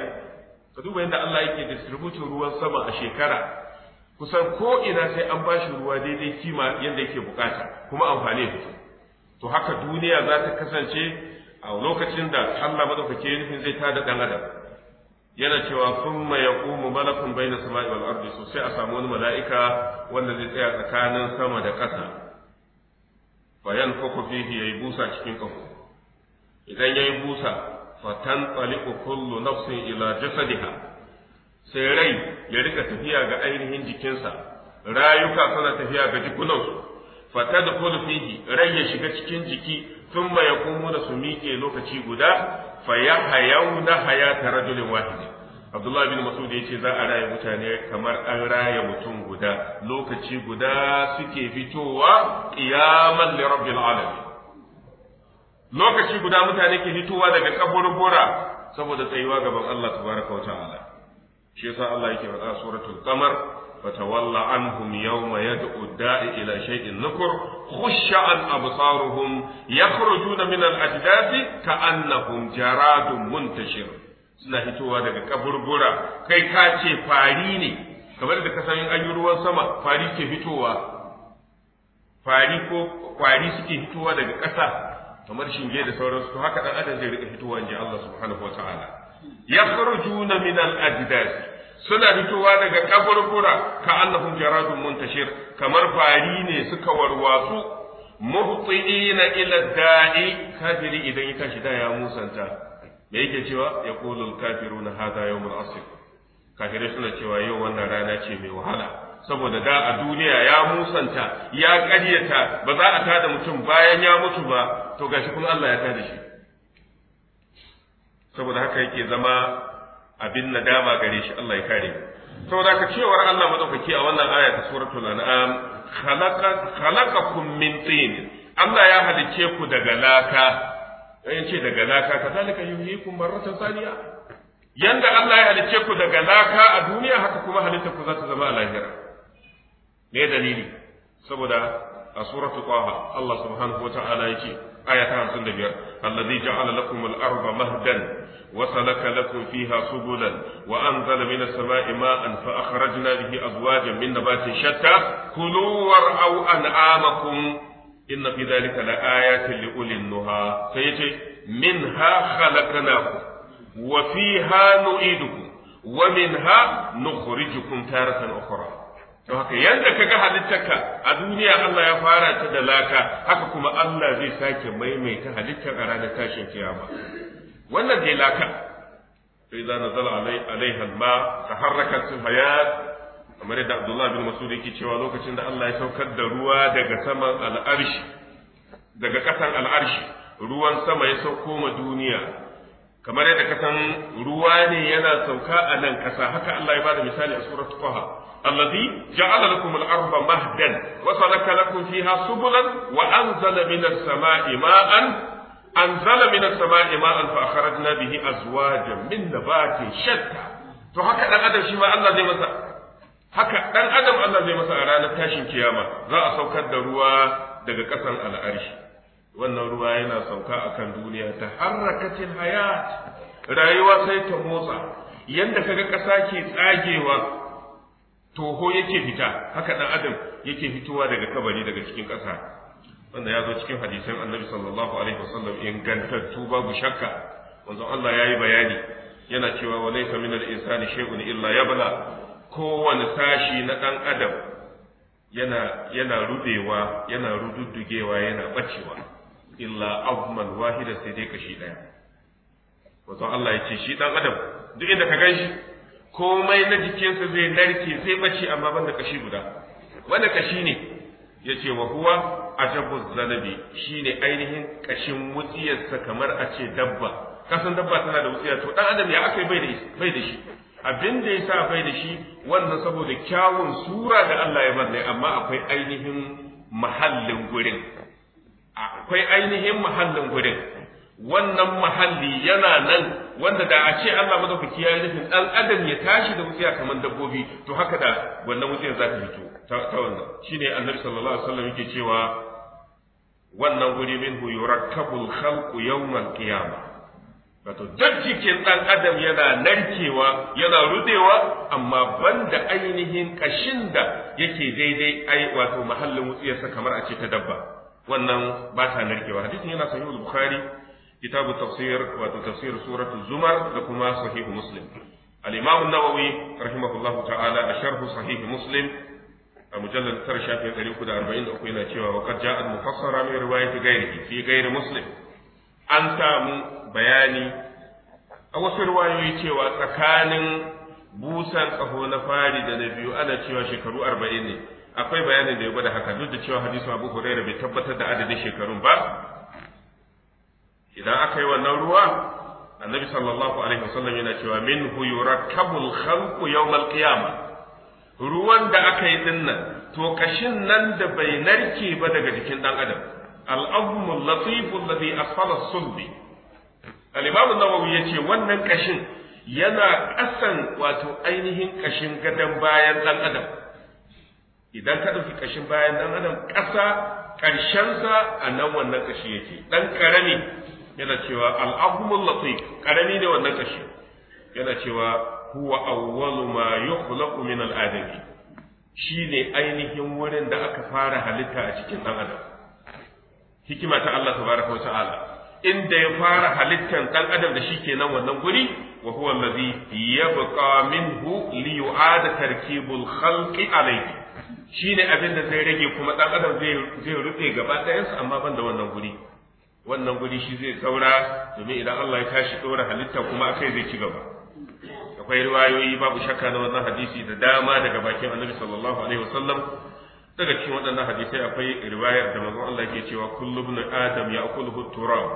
Speaker 1: ka duba yadda Allah yake distributing ruwan sama a shekara kusan ko ina sai an ba shi ruwa daidai kima yadda yake bukata kuma amfani ya fito to haka duniya za ta kasance a lokacin da Allah madaukake ya nufin zai ta da dan adam yana cewa ya kuma malakun na sama'i wal ardi so sai a samu wani mala'ika wanda zai tsaya tsakanin sama da ƙasa bayan koko fihi yayi busa cikin kafo idan ya yayi busa fatan taliqu kullu nafsin ila jasadiha sai rai ya rika tafiya ga ainihin jikinsa rayuka suna tafiya ga jikunansu fata da fihi rai ya shiga cikin jiki tun ya komo da su miƙe lokaci guda fa ya hayau na ta rajulin wahidi abdullahi bin masud ya ce za a raya mutane kamar an raya mutum guda lokaci guda suke fitowa qiyaman li rabbil alamin lokaci guda mutane ke fitowa daga kaburbura saboda tsayuwa gaban Allah tabaraka wa ta'ala shi yasa Allah yake faɗa suratul qamar fatawalla anhum yawma yad'u da'i ila shay'in nukur khusha an absaruhum yakhrujuna min al ajdathi ka'annahum jaradun muntashir suna hitowa daga kaburbura kai ka ce fari ne kamar da kasan an sama fari ke fitowa fari ko kwari suke fitowa daga ƙasa kamar shinge da sauransu to haka dan adam zai rika fitowa inji Allah subhanahu wataala yakhrujuna min al-ajdad suna fitowa daga kaburbura ka annahum jaradun muntashir kamar fari ne suka warwatsu muhtiina ila da'i kafiri idan ya tashi da ya musanta me yake cewa yaqulu al-kafiruna hadha yawm al-asr kafirai suna cewa yau wannan rana ce mai wahala saboda da a duniya ya musanta ya karyata, ba za a tada mutum bayan ya mutu ba to gashi kuma Allah ya tada shi saboda haka yake zama abin nadama gare shi Allah ya kare mu saboda haka cewar Allah madaukaki a wannan aya ta suratul an'am khalaqa khalaqakum min tin Allah ya halice ku daga laka eh, ya ce daga laka kazalika yuhyikum marratan thaniya yanda Allah ya halice ku daga laka a duniya haka kuma halitta ku za ta zama a lahira me dalili saboda a suratul qaha Allah subhanahu wa ta'ala yake aya ta hamsin da biyar allazi ja'ala lakum al-arda mahdan wa salaka lakum fiha subulan wa anzala min as-sama'i ma'an fa akhrajna bihi azwajan min nabatin shatta kulu war'aw an'amakum inna fi dhalika la ayatin li ulil nuha sai minha khalaqnakum wa fiha nu'idukum wa minha nukhrijukum taratan ukhra don haka yadda ka halittarka a duniya Allah ya fara ta da laka haka kuma Allah zai sake maimaita halittar a ranar tashin kiyama wannan dai laka sai za na zala alaiha ma ta harraka sun hayat kamar yadda Abdullah bin Masud yake cewa lokacin da Allah ya saukar da ruwa daga saman al'arshi daga ƙasan al'arshi ruwan sama ya sauko ma duniya kamar yadda kasan ruwa ne yana sauka a nan ƙasa haka Allah ya bada misali a suratul Qaha الذي جعل لكم الأرض مهدا وسلك لكم فيها سبلا وأنزل من السماء ماء أنزل من السماء ماء فأخرجنا به أزواجا من نبات شتى فهكا دان أدم شما الله زي مسا هكا دان أدم الله زي مسا أرانا تاشن كياما ذا أسوكا دروا دقا قسم على أرش wannan ruwa yana sauka a kan duniya ta harrakatin hayat rayuwa sai ta motsa yadda kaga ƙasa ke tsagewa toho yake fita haka dan adam yake fitowa daga kabari daga cikin ƙasa wanda ya zo cikin hadisan annabi sallallahu alaihi wasallam ingantattu babu shakka wanzu Allah ya yi bayani yana cewa wa laysa minal insani shay'un illa yabla kowane sashi na dan adam yana yana rudewa yana rududdugewa yana bacewa illa azman wahida sai dai kashi daya wato Allah ya ce shi dan adam duk inda ka ganshi. komai na jikinsa zai narke sai bace amma banda kashi guda wanda kashi ne ya ce wa huwa ajabu zanabi shine ainihin kashin wutsiyarsa kamar a ce dabba kasan dabba tana da wutsiya to dan adam ya akai bai da bai da shi abin da yasa bai da shi wannan saboda kyawun sura da Allah ya manne amma akwai ainihin mahallin gurin akwai ainihin mahallin gurin wannan mahalli yana nan wanda da a ce Allah madaukaki ya yi nufin dan adam ya tashi da wutsiya kamar dabbobi to haka da wannan wutsiyar za ta fito ta wannan shine annabi sallallahu alaihi wasallam yake cewa wannan guri minhu yurakkabul khalqu yawmal qiyamah wato duk cikin dan adam yana narkewa yana rudewa amma banda ainihin kashin da yake daidai ai wato mahallin wutsiyarsa kamar a ce ta dabba wannan ba ta narkewa hadisin yana sahihul bukhari kitabu tafsir wato tafsir suratu zumar da kuma sahihu muslim al-imam an-nawawi rahimahullahu ta'ala a sharh sahihu muslim a mujallal tar shafin 343 yana cewa wa qad ja'a al-mufassara min riwayati ghairihi fi ghairi muslim an samu bayani a wasu cewa tsakanin busan tsaho na fari da na biyu ana cewa shekaru arba'in ne akwai bayanin da ya gwada haka duk da cewa hadisin Abu Hurairah bai tabbatar da adadin shekarun ba idan aka yi wannan ruwa annabi sallallahu alaihi wasallam yana cewa min minhu yurakkabul khalqu al qiyamah ruwan da aka yi dinnan to kashin nan da bai narke ba daga jikin dan adam al latifu alladhi asfala sulbi al-imam an-nawawi yace wannan kashin yana kasan wato ainihin kashin gadan bayan dan adam idan ka ɗauki kashin bayan dan adam ƙasa sa a nan wannan kashi yake dan karami yana cewa al'ahumul latif karami ne wannan kashi yana cewa huwa awwalu ma yukhlaqu min al'adami shine ainihin wurin da aka fara halitta a cikin dan adam hikima ta Allah tabaraka wa ta'ala inda ya fara halittar dan adam da shi kenan wannan guri wa huwa allazi yabqa minhu li yu'ada tarkibul khalqi alayhi shine abin da zai rage kuma dan adam zai zai rufe gaba ɗayansa amma ban da wannan guri wannan guri shi zai tsaura domin idan Allah ya tashi ɗora halitta kuma akai zai ci gaba akwai riwayoyi babu shakka na wannan hadisi da dama daga bakin annabi sallallahu alaihi wasallam daga cikin waɗannan hadisai akwai riwayar da manzon Allah ke cewa kullum na adam ya'kuluhu turab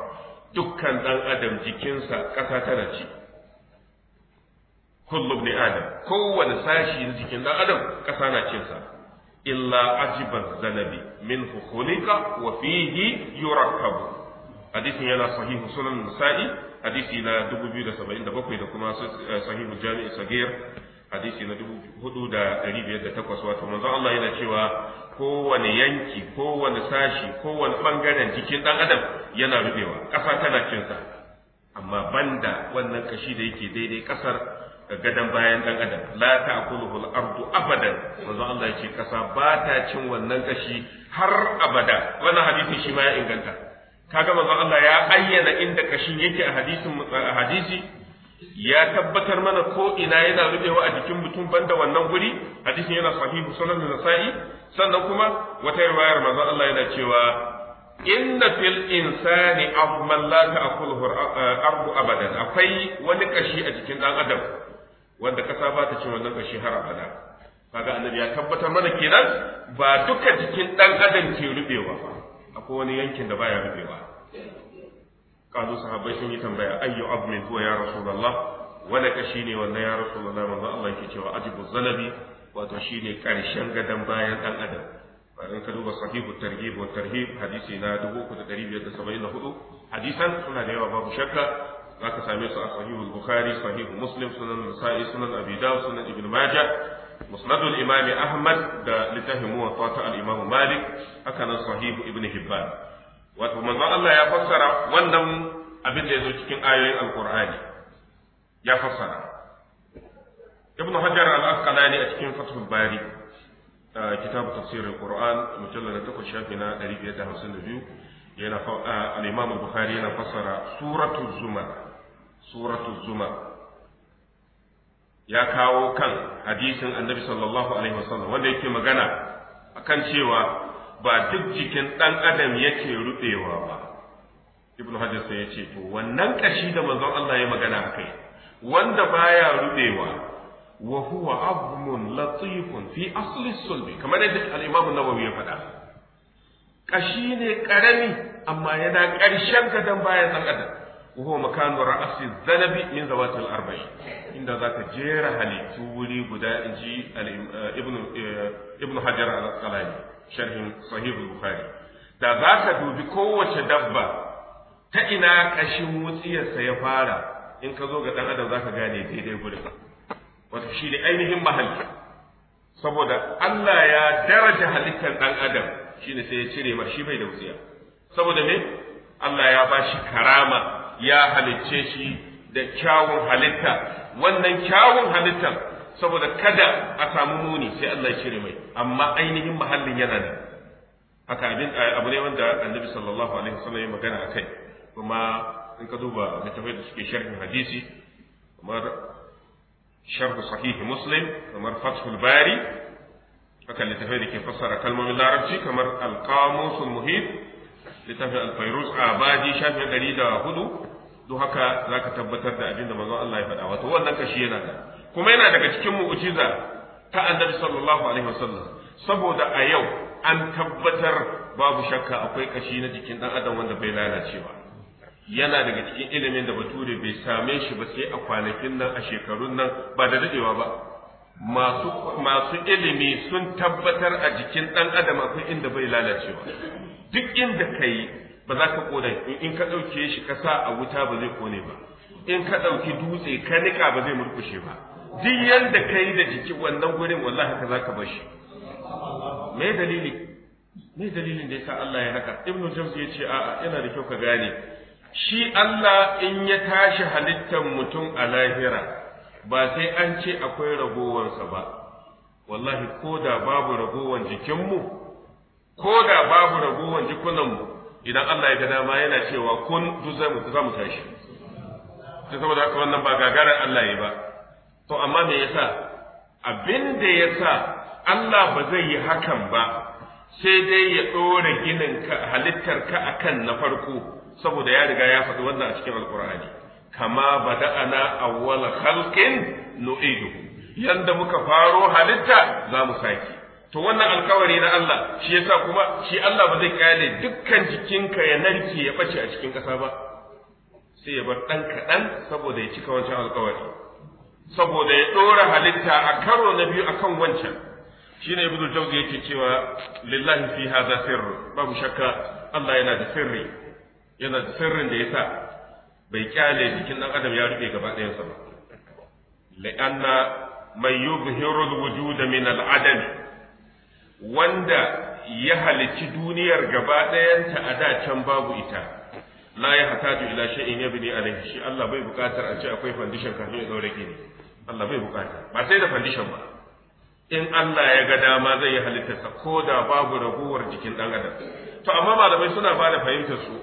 Speaker 1: dukkan dan adam jikinsa ƙasa tana ci kullum ibn adam kowane sashi na jikin dan adam ƙasa na cinsa illa ajiban zanabi min khuliqa wa fihi yurakkabu hadisin yana sahihu sunan nasa'i hadisi na 2077 da kuma eh, sahihu jami'i sagir hadisi na 4508 wato manzo Allah yana cewa kowane yanki kowane sashi kowane bangaren jikin dan adam yana rubewa ƙasa tana cinsa amma banda wannan kashi da yake daidai ƙasar gadan bayan dan adam la ta'kuluhu al-ardu abadan manzo Allah yake ƙasa ba ta cin wannan kashi har abada wannan hadisi shi ma ya inganta kaga manzon Allah ya ayyana inda kashin yake a hadisin hadisi ya tabbatar mana ko ina yana rubewa a jikin mutum banda wannan guri hadisin yana sahihu sunan nasa'i sannan kuma wata riwayar manzon Allah yana cewa inna fil insani afman la ta'kuluhu eh, ardu abadan akwai wani kashi a jikin dan adam wanda kasa ba ta cin wannan kashi har abada kaga annabi ya tabbatar mana kenan ba duka jikin dan adam ke rubewa ba ko wani yankin da baya rufewa kazo sahabbai sun yi tambaya ayyu abmin huwa ya rasulullah wala ka shine wannan ya rasulullah manzo Allah yake cewa ajibu zalabi wato shine karshen gadan bayan dan adam bayan ka duba sahihu targhib wa tarhib hadisi na 3574 hadisan suna da yawa babu shakka zaka same su a sahihu bukhari sahihu muslim sunan nasa'i sunan abi dawud sunan ibn majah Musuladul imanin Ahmad da littafin mu watuwa ta al'imamin Malik, hakanan Suhifu Ibn Hibbar. Wata muzumma Allah ya fasara wannan abin da ya yi don cikin ayoyin Al-ƙur'ani, ya fasara. Ibn Hajar al'aq ƙanani a cikin fatan bari. Kitabu tafsirin Al-ƙur'an, mujallar da takwas, shafi na ɗari biyar da hamsin da Bukhari yana fasara. Suratu Zuma, suratu Zuma. ya kawo kan hadisin annabi sallallahu alaihi wasallam wanda yake magana akan cewa ba duk jikin ɗan adam yake rubewa ba ibnu hajar sai ya ce to wannan kashi da manzon Allah ya magana kai wanda baya ruɓewa wa huwa abmun latifun fi asli sulbi kamar yadda al-imam an-nawawi ya faɗa kashi ne karami amma yana ƙarshen gadon bayan ɗan adam وهو مكان رأس الذنب من ذوات الأربعين إن ذاك جير هلي تولي قداء جي ابن ابن حجر على القلاني شرح صحيح البخاري da za ka dubi kowace dabba ta ina ƙashin wutsiyarsa ya fara in ka zo ga ɗan adam za ka gane daidai gurin wato shi ne ainihin mahalli saboda Allah ya daraja halittar ɗan adam shi ne sai ya cire ma shi bai da wutsiya saboda me Allah ya ba shi karama ya halicce shi da kyawun halitta wannan kyawun halittar saboda kada a samu muni sai Allah ya cire mai amma ainihin mahallin yana nan haka abin eh, abu ne wanda annabi sallallahu alaihi wasallam ya magana akai kuma in ka duba littafai da suke sharhin hadisi kamar sharh sahih muslim kamar fathul bari haka littafai da ke fassara kalmomin larabci kamar al-qamusul littafin alfairus a baji shafin ɗari da hudu don haka za ka tabbatar da abin da mazan Allah ya faɗa wato wannan kashi yana da kuma yana daga cikin mu'ujiza ta annabi sallallahu alaihi wasallam saboda a yau an tabbatar babu shakka akwai kashi na jikin dan adam wanda bai lalace yana daga cikin ilimin da bature bai same shi ba sai a kwanakin nan a shekarun nan ba da dadewa ba masu masu ilimi sun tabbatar a jikin dan adam akwai inda bai lalacewa duk inda ka yi ba za ka kone in ka ɗauke shi ka sa a wuta ba zai kone ba in ka ɗauki dutse ka niƙa ba zai murkushe ba duk yanda ka yi da jiki wannan gurin wallahi haka za ka bar shi me dalili me dalilin da yasa Allah ya haka ibnu jawzi ya ce a'a yana da kyau ka gane shi Allah in ya tashi halittar mutum a lahira ba sai an ce akwai ragowarsa ba wallahi ko da babu ragowar jikinmu ko da babu ragowar jikunanmu idan Allah ya ga dama yana cewa kun duk za mu tashi ta saboda haka wannan ba gagarar Allah ya ba to amma me yasa abin da yasa Allah ba zai yi hakan ba sai dai ya ɗora ginin halittar ka akan na farko saboda ya riga ya faɗi wannan a cikin alkur'ani kama ba ana awwal khalqin nu'idu yanda muka faro halitta za mu sake to wannan alkawari na Allah shi yasa kuma shi Allah ba zai kyale dukkan jikinka ya narke ya bace a cikin ƙasa ba sai ya bar ɗan kaɗan saboda ya cika wancan alkawari saboda ya ɗora halitta a karo na biyu akan wancan shine ibnu jawzi yake cewa lillahi fi hadha sirr babu shakka Allah yana da sirri yana da sirrin da yasa bai kyale jikin ɗan adam ya rufe gaba ɗayansa ba la'anna mai yubhiru al-wujuda min al wanda ya halici duniyar gaba ɗayanta a da can babu ita la ya ju ila ya bini a shi Allah bai bukatar a ce akwai fandishan kafin ya daure gini Allah bai bukata ba sai da fandishan ba in Allah ya ga dama zai yi halittarsa ko da babu raguwar jikin ɗan adam to amma malamai suna ba da fahimtar su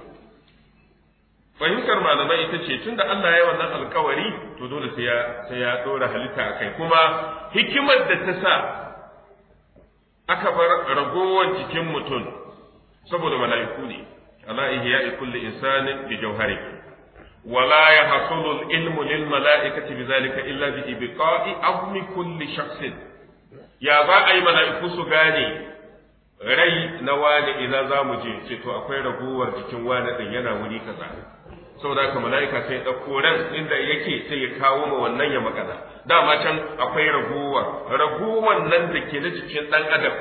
Speaker 1: fahimtar malamai ita ce tunda Allah ya wannan alkawari to dole sai ya ɗora halitta a halitta akai kuma hikimar da ta sa aka bar ragowar jikin mutum saboda mala'iku ne ya yi kulli insanin bi jawhari wala ya hasulu ilmu lil mala'ikati zalika illa bi ibqa'i ahmi kulli shakhsin ya za a yi mala'iku su gane rai na wani ina za mu je ce to akwai ragowar jikin wani din yana wuri kaza saboda haka mala'ika sai ya ɗauko ran inda yake sai ya kawo ma wannan ya magana dama can akwai raguwa raguwan nan da ke na jikin ɗan adam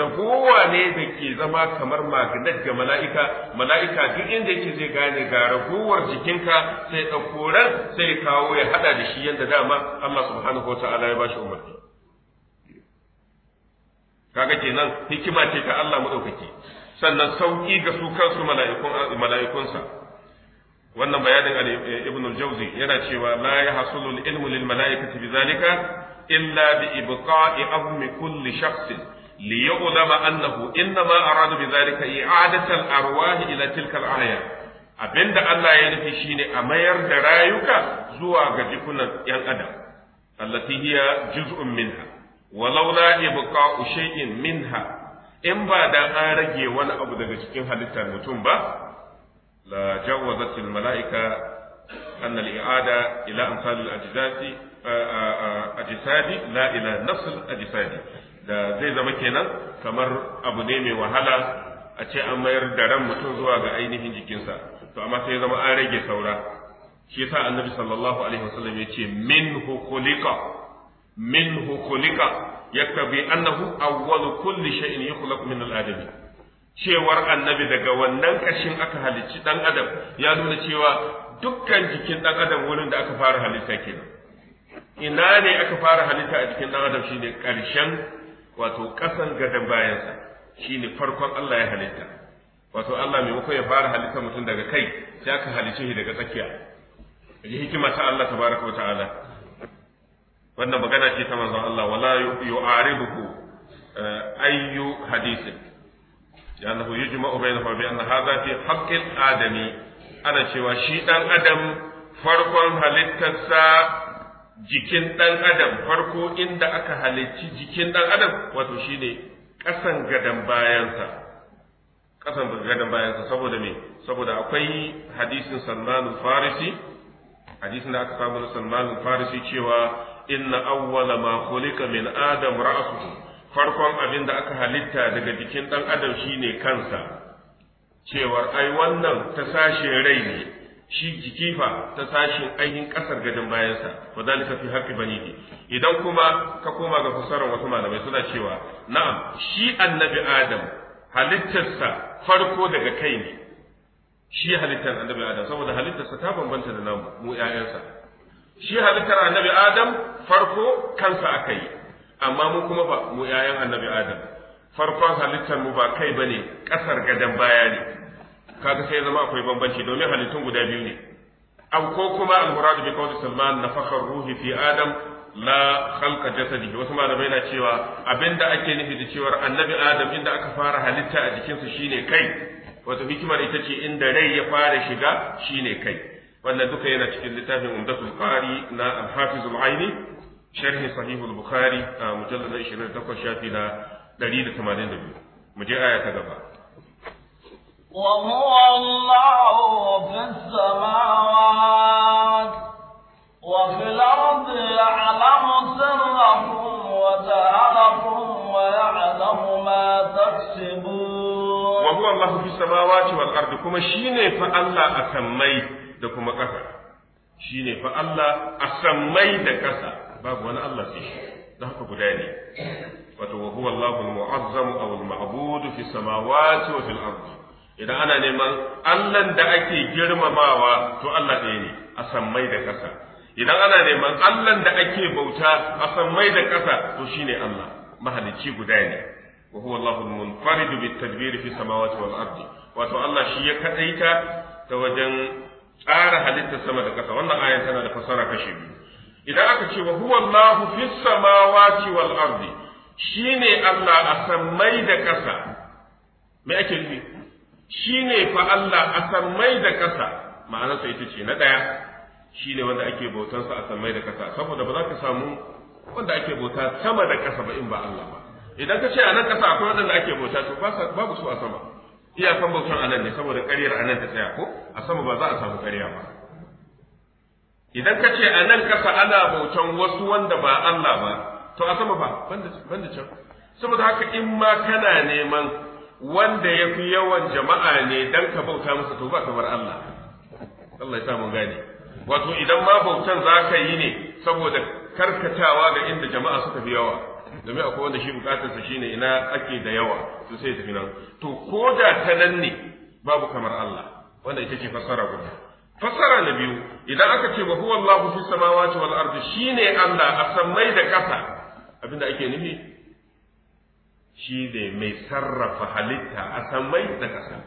Speaker 1: raguwa ne da ke zama kamar magnet ga mala'ika mala'ika duk inda yake zai gane ga raguwar jikinka sai ɗauko ran sai kawo ya haɗa da shi yadda dama Allah subhanahu wa ta'ala ya bashi umarni kaga kenan hikima ce ta Allah madaukaki sannan sauki ga su kansu mala'ikun mala'ikunsa wannan bayanin al eh, ibn al-jawzi yana cewa la yahsulu al-ilmu lil malaikati bidhalika illa bi ibqa'i azmi kulli shakhsin li yu'lama annahu innama arada bidhalika i'adatu al-arwah ila tilka al-aya abinda Allah ya nufi shine a mayar da rayuka zuwa ga jikunan yan adam allati hiya juz'un minha walau la ibqa'u shay'in minha in ba da an rage wani abu daga cikin halittar mutum ba la jawazat malaika anna al i'ada ila amsal al ajdadi ajsadi ila da zai zama kenan kamar abu ne mai wahala a ce an mayar da ran mutum zuwa ga ainihin jikinsa to amma sai zama an rage saura shi yasa annabi sallallahu alaihi wasallam yace Min khuliqa minhu khuliqa yaktabi annahu awwalu kulli shay'in yukhlaq min al-adami cewar annabi daga wannan kashin aka halicci dan adam ya nuna cewa dukkan jikin dan adam wurin da aka fara halitta kenan ina ne aka fara halitta a jikin dan adam shine karshen wato kasan gadan bayansa shine farkon Allah ya halitta wato Allah mai muku ya fara halitta mutum daga kai sai aka halice shi daga tsakiya ji hikima ta Allah tabaraka wa ta'ala wannan magana ce ta manzon Allah wala yu'aribuhu eh, ayyu hadisin لأنه يجمع بينهما بأن هذا في حق الآدمي أنا شوى شيء آدم فرقا halittarsa jikin ɗan adam farko inda aka halicci jikin ɗan adam wato shine ƙasan gadon bayansa
Speaker 4: ƙasan gadon bayansa
Speaker 1: saboda me saboda akwai hadisin salman farisi hadisin da aka samu na salman farisi cewa inna awwala ma khuliqa min adam ra'suhu farkon abin da aka halitta daga jikin ɗan adam shine kansa cewar ai wannan ta sashe rai ne shi jikifa ta sashe ainihin ƙasar gadin bayansa ni zalika fi haqqi ne idan kuma ka koma ga fasarar wasu malamai suna cewa na'am shi annabi adam halittarsa farko daga kai ne shi halittar annabi adam saboda halittarsa ta bambanta da namu mu 'ya'yansa shi halittar annabi adam farko kansa a kai. amma mu kuma ba mu yayan annabi adam farkon halittar mu ba kai bane kasar gadan baya ne kaga sai zama akwai bambanci domin halittun guda biyu ne aw ko kuma al-murad bi qawli Salman nafakha ruhi fi adam la khalqa jasadihi wasu malamai na cewa abinda ake nufi da cewar annabi adam inda aka fara halitta a jikinsa shine kai wato hikimar ita ce inda rai ya fara shiga shine kai wannan duka yana cikin littafin umdatul qari na al-hafiz al-aini sharhin sahihul bukhari a mujallal 28 shafi na 182 mu je aya ta gaba
Speaker 3: وهو الله في السماوات وفي الأرض يعلم سركم وجهلكم ويعلم ما تكسبون
Speaker 1: وهو الله في السماوات والأرض كما شيني فالله أسمي دكما قفر شيني فالله أسمي دكسر babu wani Allah sai shi da haka guda ne wato wa huwa Allahu al-mu'azzam aw al-ma'bud fi samawati wa fil ardi idan ana neman Allahn da ake girmamawa to Allah ɗaya ne a sammai da ƙasa idan ana neman Allahn da ake bauta a sammai da ƙasa to shine Allah mahalicci guda ne wa huwa Allahu al-munfarid bit tadbir fi samawati wal ardi wato Allah shi ya kadaita ta wajen tsara halitta sama da ƙasa wannan ayan tana da fasara kashi biyu idan aka ce wa huwa Allahu fis samawati wal ardi shine Allah a sammai da ƙasa me ake nufi shine fa Allah a sammai da ƙasa ma'ana sai ita ce na ɗaya shine wanda ake bautar sa a sammai da ƙasa saboda ba za ka samu wanda ake bauta sama da ƙasa ba in ba Allah ba idan ka ce a nan ƙasa akwai wanda ake bauta to babu su a sama iyakan bautan a nan ne saboda ƙaryar a nan ta tsaya ko a sama ba za a samu ƙarya ba idan ka ce a nan kasa ana bautan wasu wanda ba Allah ba to a sama ba banda can saboda haka in ma kana neman wanda ya fi yawan jama'a ne dan ka bauta masa to ba ka bar Allah Allah ya mun gane wato idan ma bautan za ka yi ne saboda karkatawa ga inda jama'a suka fi yawa domin akwai wanda shi bukatarsa shine ina ake da yawa to sai ya tafi nan to ko da ta nan ne babu kamar Allah wanda ita ce fassara guda fasara na biyu idan aka ce wa huwa Allahu fi samawati wal ardi shine Allah a sammai da ƙasa abinda ake nufi shi ne mai sarrafa halitta a sammai da ƙasa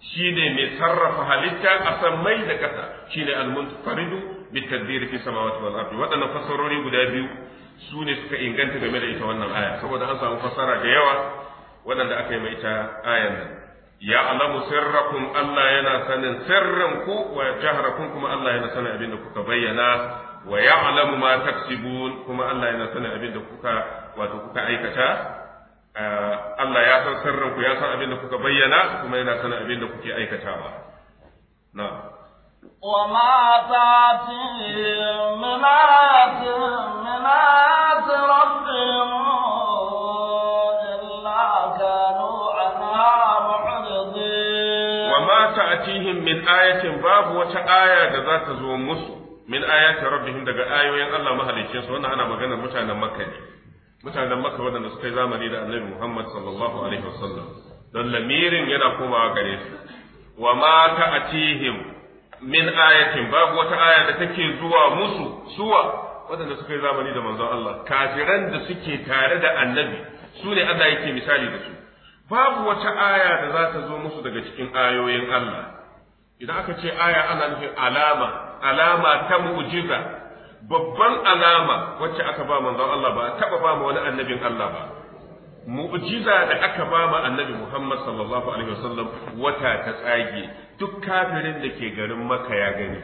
Speaker 1: shi ne mai sarrafa halitta a sammai da ƙasa shi ne al-munfaridu bi tadbir fi samawati wal ardi waɗannan fasarori guda biyu su ne suka inganta game da ita wannan aya saboda an samu fasara da yawa waɗanda aka yi mai ita ayan nan ya alamu sirrakum Allah yana sanin sirrin ku wa jahrakum kuma Allah yana sanin abin da kuka bayyana wa ya alamu ma taksibun kuma Allah yana sanin abin da kuka wato kuka aikata ah, Allah ya san sirrin ku ya san abin da kuka bayyana kuma yana sanin abin da kuke aikatawa na'am
Speaker 3: وما تأتيهم من آية من آية ربهم
Speaker 1: ta'tihim min ayatin babu wata aya da za ta zo musu min ayati rabbihim daga ayoyin Allah mahalicin su wannan ana maganar mutanen Makka ne mutanen Makka waɗanda suka yi zamani da Annabi Muhammad sallallahu alaihi wasallam dan lamirin yana komawa gare su wa ma ta'tihim min ayatin babu wata aya da take zuwa musu suwa waɗanda suka yi zamani da manzon Allah kafiran da suke tare da Annabi su ne Allah yake misali da su babu wata aya da za ta zo musu daga cikin ayoyin Allah idan aka ce aya ana nufin alama alama ta mu'jiza babban alama wacce aka ba manzo Allah ba taba ba wani annabin Allah ba mu'jiza da aka ba ma annabi Muhammad sallallahu alaihi wasallam wata ta tsage duk kafirin da ke garin Makka ya gani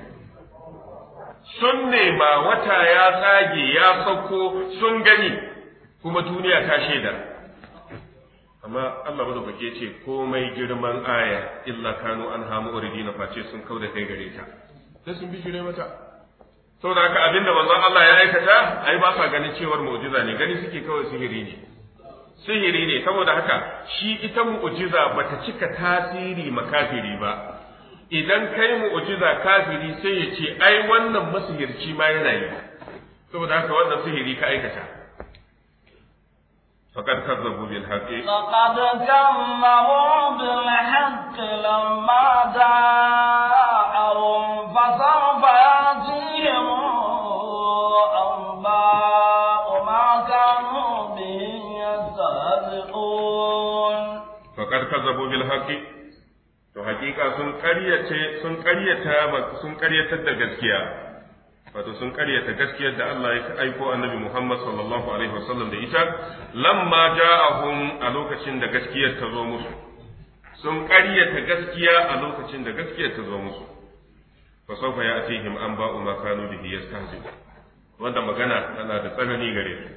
Speaker 1: sun nema wata ya tsage ya sauko sun gani kuma duniya ta shaida amma Allah madaukake ce komai girman aya illa kanu an hamu uridina face sun da kai gare ta sai sun bijire mata saboda haka abinda manzon Allah ya aikata ai ba sa ganin cewar mu'jiza ne gani suke kawai sihiri ne sihiri ne saboda haka shi ita mu'jiza bata cika tasiri makafiri ba idan kai mu'jiza kafiri sai ya ce ai wannan masihirci ma yana yi saboda haka wannan sihiri ka aikata فقد كذبوا بالحق
Speaker 3: فقد كذبوا بالحق لما جاءهم فسوف يأتيهم أنباء ما كانوا به يستهزئون
Speaker 1: فقد كذبوا بالحق to hakika sun ƙaryata sun ƙaryata sun ƙaryatar da gaskiya wato sun karyata gaskiyar da Allah ya aiko annabi Muhammad sallallahu alaihi wasallam da ita lamma ja'ahum a lokacin da gaskiyar ta zo musu sun karyata gaskiya a lokacin da gaskiyar ta zo musu fa sawfa ya'tihim anba'u ma kanu bihi yastahzi'un wanda magana tana da tsanani gare su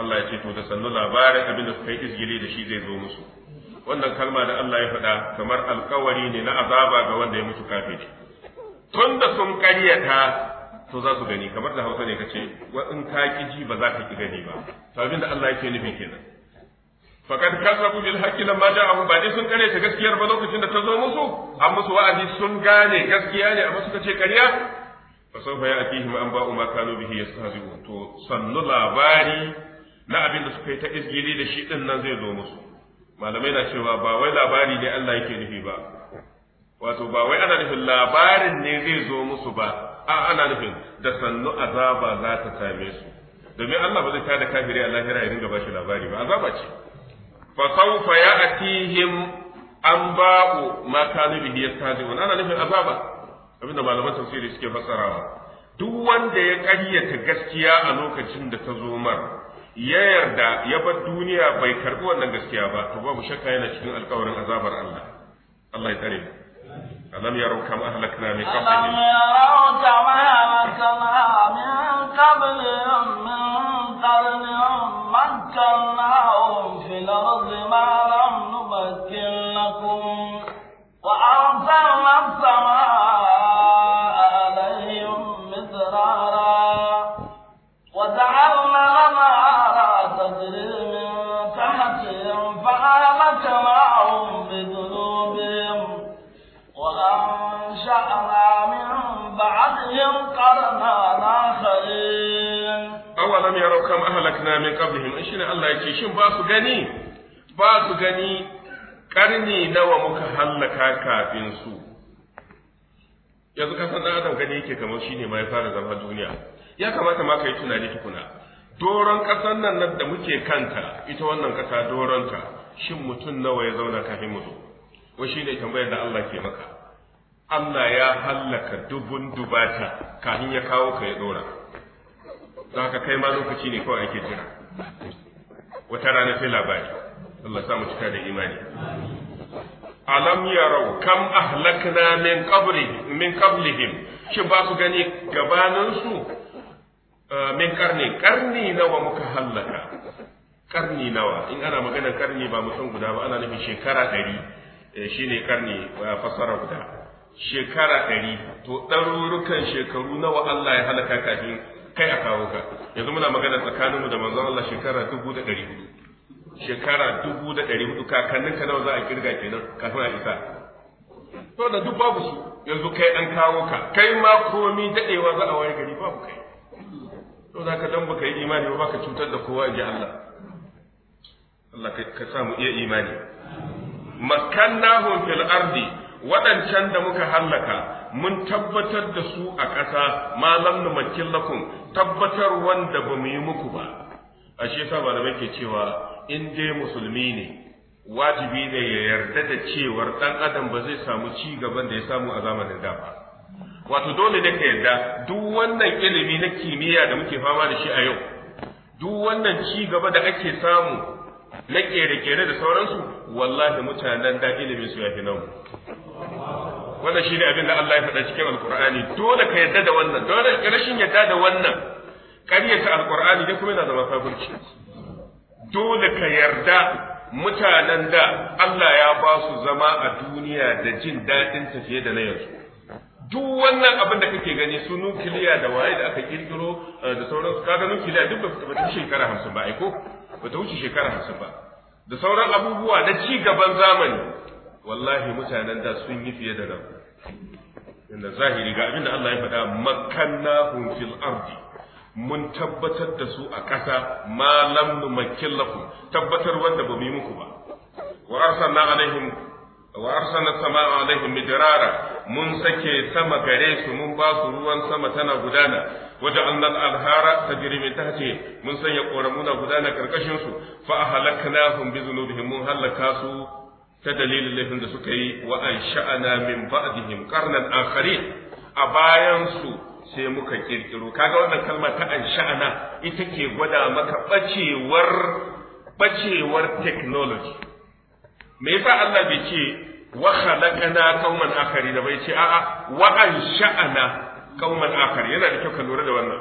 Speaker 1: Allah ya ce to da sannu labarin abin da suka yi izgili da shi zai zo musu wannan kalma da Allah ya faɗa kamar alƙawari ne na azaba ga wanda ya mutu kafiri tunda sun karyata to za su gani kamar da hausa ne ka ce wa in ka ki ji ba za ka ki gani ba to abinda Allah yake nufi kenan faqad kasabu bil haqqi lamma ja'ahum ba dai sun kare ta gaskiyar ba lokacin da ta zo musu an musu wa'azi sun gane gaskiya ne amma suka ce ƙarya fa sawfa ya'tihim anba'u ma kanu bihi yastahzi'u to sannu labari na abin da suka yi ta izgiri da shi din nan zai zo musu malamai na cewa ba wai labari ne Allah yake nufi ba wato ba wai ana nufin labarin ne zai zo musu ba a ana nufin da sannu azaba za ta same su domin Allah ba zai tada kafiri a lahira ya dinga bashi labari ba azaba ce fa sawfa ya'tihim anba'u ma kanu bihi yastajibun ana nufin azaba abinda malaman tafsiri suke fassarawa duk wanda ya ƙaryata gaskiya a lokacin da ta zo mar ya yarda ya bar duniya bai karɓi wannan gaskiya ba to babu shakka yana cikin alƙawarin azabar Allah Allah ya tare mu ألم يروا كم أهلكنا من قبلهم ألم
Speaker 4: يروا كم أهلكنا من قبلهم
Speaker 3: من قرن مكناهم في الأرض ما لم نمكن لكم وأرسلنا السماء
Speaker 1: kam ahlakna min qablihim in shine Allah yake shin ba su gani ba su gani karni nawa muka halaka kafin su yanzu ka san adam gani yake kamar shine ma ya fara zama duniya ya kamata ma kai tunani tukuna doron kasan nan da muke kanta ita wannan kasa doron ta shin mutum nawa ya zauna kafin mu zo wa shine tambayar da Allah ke maka Allah ya hallaka dubun dubata kafin ya kawo ka ya dora za ka kai ma lokaci ne kawai ake jira wata rana sai labari Allah samu cika da imani alam yarau kam ahlakna min qabri min qablihim shin ba su gani gabanin su eh, min karni karni nawa muka halaka karni nawa in ana magana karni ba mutum guda ba ana nufin shekara ɗari eh, shine karni eh, fasara guda shekara ɗari to ɗarurukan shekaru nawa Allah ya halaka kafin kai a kawo ka yanzu muna magana tsakaninmu da manzon Allah shekara dubu da hudu shekara dubu da hudu kakannin ka nawa za a kirga kenan kafin a isa to da duk babu su yanzu kai an kawo ka kai ma komi daɗewa za a waye gari babu kai to zaka dan baka yi imani ba ka cutar da kowa ji Allah Allah ka sa mu iya imani makkannahum fil ardi waɗancan da muka hallaka mun tabbatar da su a ƙasa malam nu makin tabbatar wanda ba mu yi muku ba ashe sa malamai ke cewa in dai musulmi ne wajibi ne ya yarda da cewar ɗan adam ba zai samu ci gaban da ya samu a zamanin da ba wato dole ne ka yarda duk wannan ilimi na kimiyya da muke fama da shi a yau duk wannan ci gaba da ake samu na kere-kere da sauransu wallahi mutanen da ilimin su ya fi nan wannan shine abin da Allah ya faɗa cikin Alƙur'ani dole ka yarda da wannan dole rashin yarda da wannan ƙaryata Alƙur'ani, dai kuma yana zama kafirci dole ka yarda mutanen da Allah ya ba su zama a duniya da jin daɗin tafiye da na yanzu duk wannan abin da kake gani su nukiliya da waye da aka kirkiro eh, da sauran sauransu kaga nukiliya duk ba ta wuce shekara hamsin ba aiko ba ta wuce shekara hamsin ba da sauran abubuwa na ci gaban zamani wallahi mutanen da sun yi fiye da nan inda zahiri ga abinda Allah ya faɗa makannahum fil ardi mun tabbatar da su a ƙasa malam mu numakkin tabbatar wanda ba mu yi muku ba wa arsalna alaihim wa arsalna samaa alaihim midrara mun sake sama gare su mun ba su ruwan sama tana gudana Wata annal alhara ta jirimin ta ce mun sanya ƙoramuna gudana karkashin su fa ahlaknahum bi zunubihim mun halaka su ta dalilin laifin da suka yi wa an sha'ana min ba'dihim qarnan akharin a bayan su sai muka kirkiro kaga wannan kalma ta an sha'ana ita ke gwada maka bacewar bacewar technology me yasa Allah bai ce wa khalaqana qauman akharin da bai ce a'a wa an sha'ana qauman akharin yana da kyau ka lura da wannan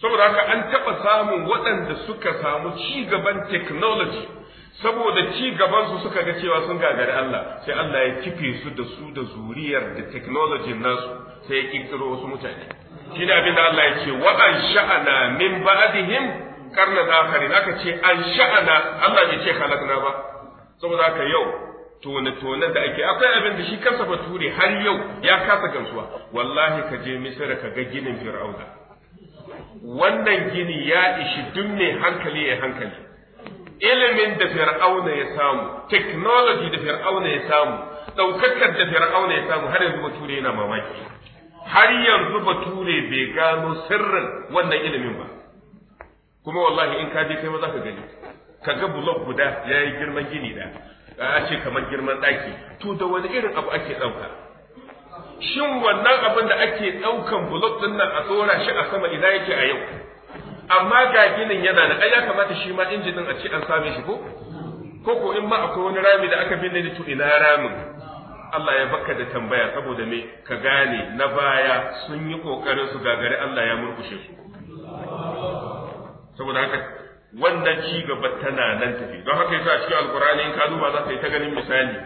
Speaker 1: saboda haka an taɓa samun waɗanda suka samu ci gaban technology saboda ci gabansu suka ga cewa sun gagari Allah sai Allah ya kife su da su da zuriyar da technology nasu sai ya kirkiro wasu mutane shine abin da Allah ya ce wa an sha'ana min ba'dihim karna zakari aka ce an sha'ana Allah bai ce halakna ba saboda haka yau tone tonen da ake akwai abin da shi kansa bature har yau ya kasa gamsuwa wallahi ka je misira ka ga ginin fir'auna wannan gini ya ishi duk hankali ya hankali ilimin da fir'auna ya samu technology da fir'auna ya samu ɗaukakar da fir'auna ya samu har yanzu bature yana mamaki har yanzu bature bai gano sirrin wannan ilimin ba kuma wallahi in ka je kai ma za ka gani ka ga bulok guda ya yi girman gini da a ce kamar girman ɗaki to da wani irin abu ake ɗauka shin wannan abin da ake ɗaukan bulok ɗin nan a tsora shi a sama idan yake a yau amma ga ginin yana da ai ya kamata shi ma injinin a ce an same shi ko ko ko in ma akwai wani rami da aka binne ni to ina ramin Allah ya baka da tambaya saboda me ka gane na baya sun yi kokarin su gagare Allah ya murkushe su saboda haka wannan ci gaba tana nan tafi don haka yasa cikin alkurani in ka duba za ka yi ta ganin misali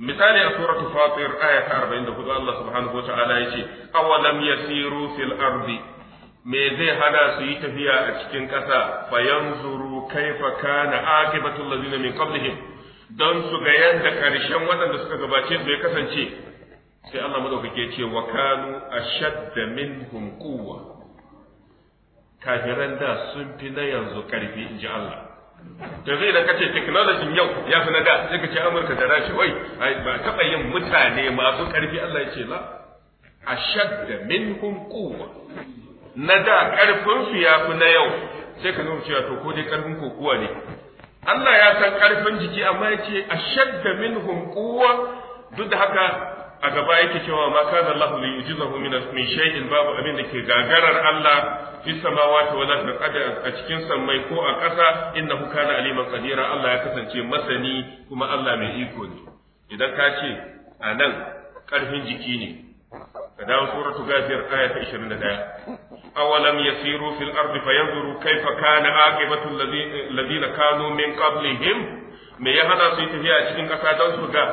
Speaker 1: misali a suratu fatir aya ta 44 Allah subhanahu wa ta'ala yace awalam yasiru fil ardi me zai hada su yi tafiya a cikin ƙasa fayanzuru kaifa kana aqibatul ladina min qablihim don su ga yadda ƙarshen waɗanda suka gabace su ya kasance sai Allah madaukake ce wa kanu ashadda minhum quwwa kafiran da sun fi na yanzu ƙarfi in ji Allah da zai da kace technology yau ya fi na da sai ka ce Amurka da Rashi wai ba taɓa yin mutane masu ƙarfi Allah ya ce la ashadda minhum quwwa na da karfin su ya fi na yau sai ka zama cewa to ko dai karfin kokuwa ne Allah ya san karfin jiki amma a ashadda minhum quwwa duk da haka a gaba yake cewa ma kana Allah li yujizahu min min shay'in babu abin da ke gagarar Allah fi samawati wala fil a cikin sammai ko a ƙasa innahu kana aliman qadira Allah ya kasance masani kuma Allah mai iko ne idan ka ce nan karfin jiki ne ka dawo suratul ghafir aya ta 21 أولم يسيروا في الأرض فينظروا كيف كان عاقبة الذين كانوا من قبلهم me ya hana su yi tafiya a cikin ƙasa don su ga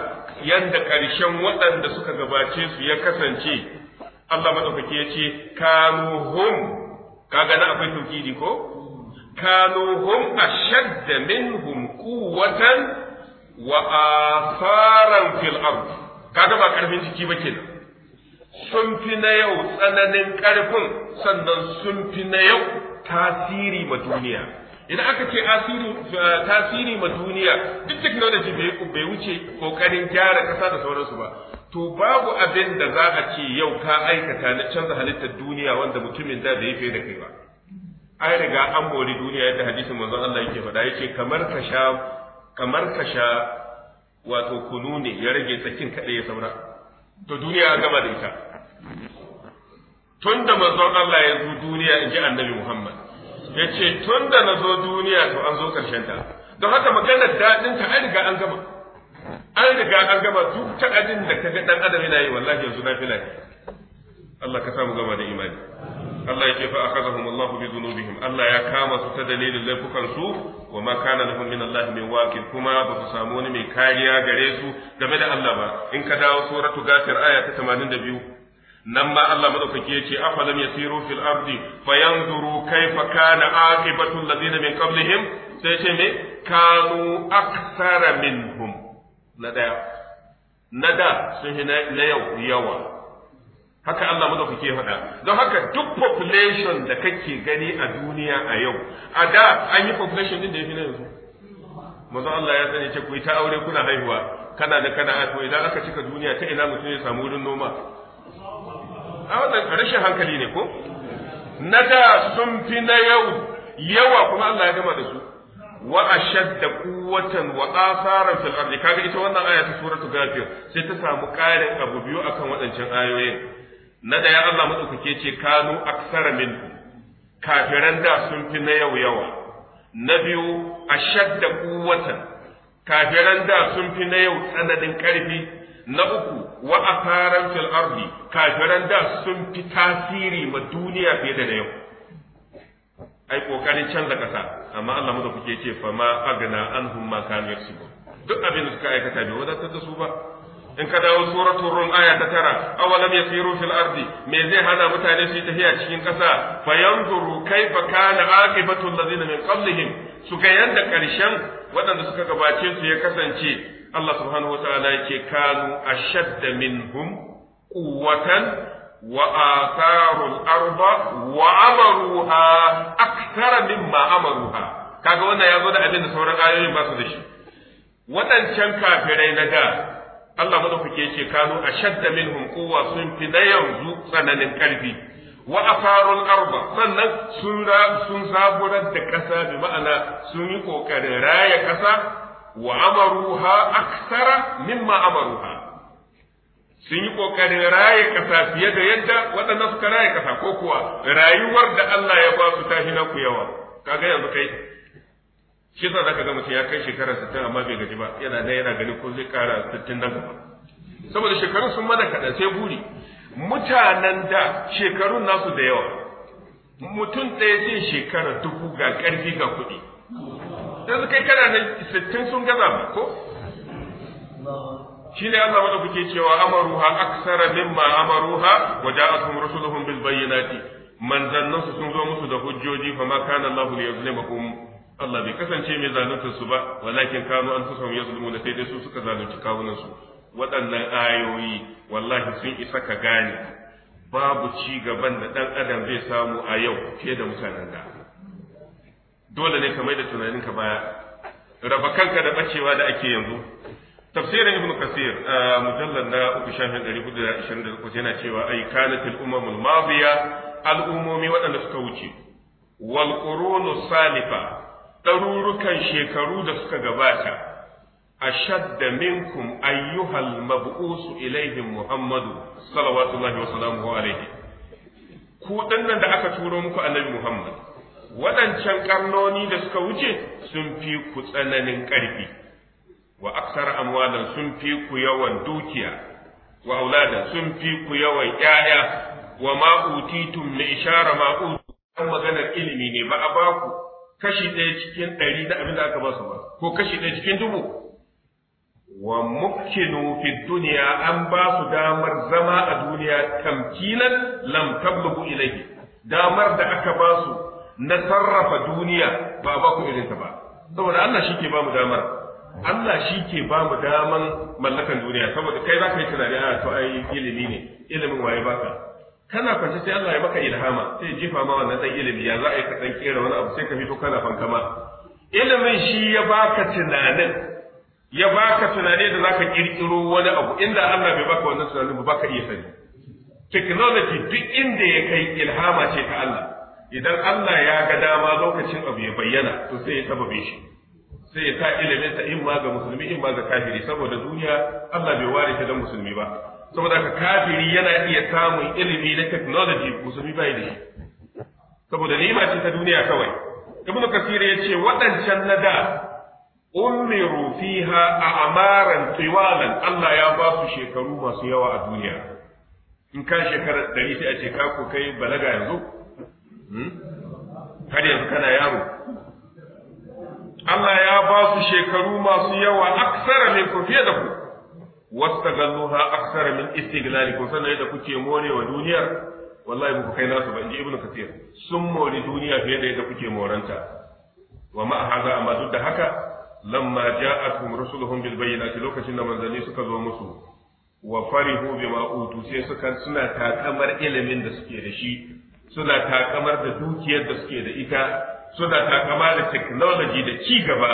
Speaker 1: yadda ƙarshen waɗanda suka gabace su ya kasance Allah maɗaukaki ya ce kanu hum kaga na akwai tauhidi ko kanu hum ashadda minhum quwwatan wa asaran fil ard kaga ba karfin jiki ba kenan sun fi na yau tsananin ƙarfin sannan sun fi na yau tasiri ma duniya idan aka ce eh, tasiri ma duniya duk technology bai wuce kokarin gyara ƙasa da sauransu ba to babu abin da za a ce yau ka aikata na canza halittar duniya wanda mutumin da bai fiye da kai ba an riga an bori duniya yadda hadisin manzon Allah yake faɗa yake kamar ka kamar ka sha wato kunu ne ya rage tsakin kaɗai ya saura to duniya an gama da ita tun da Allah ya zo duniya in ji annabi Muhammad ya ce tun da na zo duniya to an zo karshen ta don haka maganar daɗin ta an riga an gama an riga an gama duk ta da ka ga ɗan adam yana yi wallahi yanzu na fila Allah ka samu gama da imani Allah yake fa akhazahum Allah bi dhunubihim Allah ya kama su ta dalilin laifukan su wa ma kana lahum min Allah min waqi kuma ba su samu wani mai kariya gare su game da Allah ba in ka dawo suratu Ghafir aya ta 82 nan ma Allah madaukaki yace afalam yasiru fil ardi fayanzuru kayfa kana aqibatu alladhina min qablihim sai ce me kanu aksara minhum na daya na da sun na yau yawa haka Allah madaukake kuke faɗa don haka duk population da kake gani a duniya a yau a da an yi population din da fi na yanzu maza Allah ya sani ce ku ta aure kuna haihuwa kana da kana to idan aka cika duniya ta ina mutum ya samu wurin noma
Speaker 2: a wannan rashin hankali
Speaker 1: ne ko na da sun fi na yau yawa kuma Allah ya gama da su wa ashadda quwwatan wa atharan fil ardi kaga ita wannan aya ta suratul ghafir sai ta samu ƙarin abu biyu akan waɗancan ayoyin na daya Allah madaukake ce kanu aksara min kafiran da sun fi na yau yawa na biyu ashadda quwwatan kafiran da sun fi na yau tsananin karfi na uku wa asaran fil ardi kafiran da sun fi tasiri ma duniya fiye da na yau ai kokarin canza kasa amma Allah madaukake ce fa ma agna anhum ma kanu yaksubun duk abin da suka aikata bai wadatar da su ba in ka dawo suratul rum aya ta tara awalam yasiru fil ardi me zai hana mutane su yi tafiya cikin ƙasa fa yanzuru kaifa kana aqibatu allazina min qablihim su ga yanda karshen waɗanda suka gabace su ya kasance Allah subhanahu wa ta'ala yake kanu ashadda minhum quwwatan wa atharul arda wa amaruha akthara mimma amaruha kaga wannan yazo da abin da sauran ayoyin ba su da shi waɗancan kafirai na da Allah madaukake yace kanu ashadda minhum kowa sun fi na yanzu tsananin ƙarfi. wa arba sannan sun sun zaburar da ƙasa bi ma'ana sun yi ƙoƙarin raya kasa wa amaruha aksara mimma amaruha sun yi ƙoƙarin raya ƙasa fiye da yadda waɗannan suka raye ƙasa ko kuwa rayuwar da Allah ya ba su ta hina ku yawa kaga yanzu kai shi sa zaka ga mutum ya kai shekara 60 amma bai gaji ba yana da yana gani ko zai kara 60 nan gaba saboda shekarun sun mana kaɗan sai buri mutanen da shekarun nasu da yawa mutum ɗaya zai shekara dubu ga ƙarfi ga kuɗi su kai kana na 60 sun gaza ba ko shi ne Allah wanda kuke cewa amaruha aksara mimma amaruha wa ja'atuhum rusuluhum bil bayyinati manzannan su sun zo musu da hujjoji fa ma kana Allah liyuzlimakum Allah bai kasance mai zaluntar su ba walakin kanu an tusahum yazlimuna sai dai su suka zalunci kawunan su waɗannan ayoyi wallahi sun isa ka gane babu ci gaban da ɗan adam zai samu a yau fiye da mutanen da dole ne ka mai da ka baya raba kanka da bacewa da ake yanzu tafsirin ibn kasir a mujallar na uku shafin ɗari hudu da ashirin da yana cewa ai kanatil umamul al al'ummomi waɗanda suka wuce wal qurunu salifa ɗarurukan shekaru da suka gabata shadda minkum ayyuhal mab'usu ilaihim muhammadu salawatullahi wa salamuhu alaihi ku dannan da aka turo muku annabi muhammad waɗancan karnoni da suka wuce sun fi ku tsananin ƙarfi wa aksar amwalan sun fi ku yawan dukiya wa auladan sun fi ku yawan ƴaƴa wa ma tun li ishara ma maganar ilimi ne ba a baku kashi ɗaya cikin ɗari na abin da aka ba su ba ko kashi ɗaya cikin dubu wa mukkinu fi duniya an ba su damar zama a duniya tamkilan lam tablugu ilayhi damar da aka ba su na sarrafa duniya ba ba ku irin ta ba saboda Allah shi ke ba mu damar Allah shi ke ba mu daman mallakan duniya saboda kai zaka ka yi tunani a ah, to ai ilimi ne ilimin waye baka kana kwance sai Allah ya maka ilhama sai ji ma wannan dan ilimi ya za a yi ka dan kera wani abu sai ka fito kana fankama ilimin shi ya baka tunanin ya baka tunane da zaka kirkiro wani abu inda Allah bai baka wannan tunanin ba baka iya sani technology duk inda ya kai ilhama ce ta Allah idan Allah ya ga dama lokacin abu ya bayyana to sai ya sababe shi sai ya sa ilimin ta in ma ga musulmi in ma ga kafiri saboda duniya Allah bai ware shi dan musulmi ba saboda ka kafiri yana iya samun ilimi na technology musulmi bai da saboda ni ce ta duniya kawai ibn kasir ya ce waɗancan na da umiru fiha a amaran tiwalan Allah ya ba su shekaru masu yawa a duniya in ka shekara ɗari sai a ce ka ko kai balaga yanzu Kada hmm? yanzu kana yaro Allah ya ba su shekaru masu yawa aksara ne ku fiye da ku wastaghalluha akthara min istighlalikum sannan da kuke wa duniyar wallahi muku kai nasu ba inji ibnu kathir sun more duniya fiye da yadda kuke moranta wa ma hadha amma duk da haka lamma ja'atuhum rusuluhum bil bayyinati lokacin da manzanni suka zo musu wa farihu bima utu sai suka suna takamar ilimin da suke da shi suna takamar da dukiyar da suke da ita suna takamar da technology da ci gaba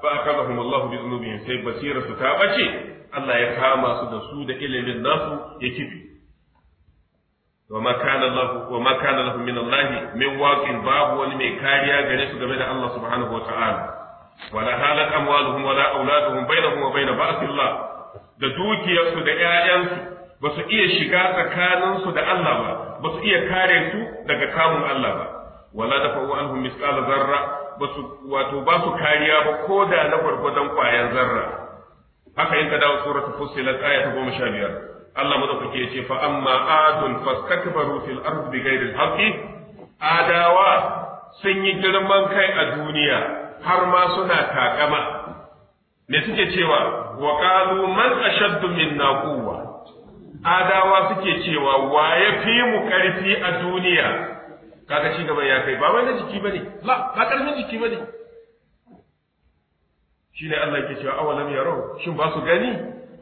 Speaker 1: fa akazahum Allahu bi dhunubihim sai basiratu ta bace Allah ya kama su da su da ilimin nasu ya kifi wa makana kana lahu wa ma min Allah min waqin babu wani mai kariya gare su game da Allah subhanahu wataala wala halat amwaluhum wala auladuhum bainahum wa bain ba'thillah da dukiyarsu da ƴaƴansu ba su iya shiga tsakaninsu da Allah ba ba su iya kare su daga kamun Allah ba wala dafa'u anhum misqala zarra ba su wato ba su kariya ba ko da na gwargwadon ƙwayar zarra haka yin ka dawo suratu fussilat aya ta goma sha biyar Allah madaukake ya ce fa amma adun fastakbaru fil ardi bi al-haqqi adawa sun yi girman kai a duniya har ma suna takama me suke cewa wa qalu man ashaddu minna quwwa adawa suke cewa wa ya fi mu karfi a duniya kaga shi gaban ya kai ba wai na jiki bane la ba karfin jiki bane shine Allah ke cewa awalam yarau shin ba su gani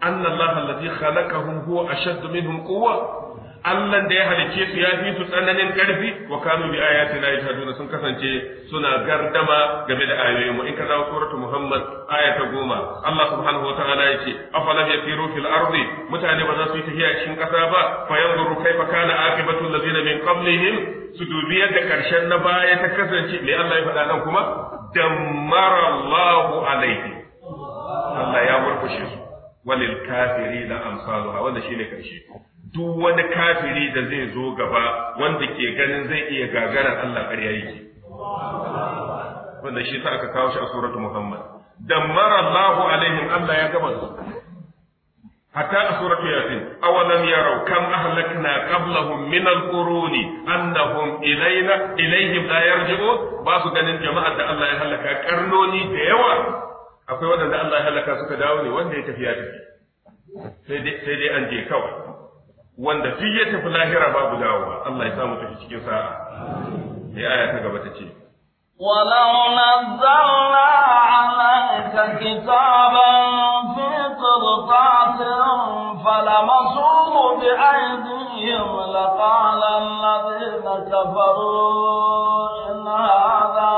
Speaker 1: anna Allah allazi khalaqahum huwa ashaddu minhum quwwa Allah da ya halicce su ya fi su tsananin karfi wa kanu bi ayatina yajhaduna sun kasance suna gardama game da ayoyin mu in ka dawo suratul muhammad aya ta goma Allah subhanahu wa ta'ala yace afalam yasiru fil ardi mutane ba za su yi tafiya cikin kasa ba fa yanzuru kaifa kana aqibatu allazina min qablihim su dubi yadda karshen na baya ta kasance me Allah ya faɗa nan kuma dammara Allahu alaihi Allah ya murkushe su walil kafiri da amsaluha wanda shine karshe duk wani kafiri da zai zo gaba wanda ke ganin zai iya gagarar Allah ƙarya yake wanda shi sa aka kawo shi a suratu Muhammad dammara Allahu alaihim Allah ya su حتى أسورة ياسين أولم يروا كم أهلكنا قبلهم من القرون أنهم إلينا إليهم لا يرجعون باسو ganin jama'a da Allah ya halaka karnoni da yawa akwai waɗanda Allah ya halaka suka dawo ne wanda ya tafi ya tafi sai dai an je kawai wanda duk ya tafi lahira babu dawowa Allah ya samu tafi cikin sa'a Ya'ya ta gaba ta ce
Speaker 3: ولو نزلنا عليك كتابا فلمسوا بأيديهم لقال الذين كفروا إن هذا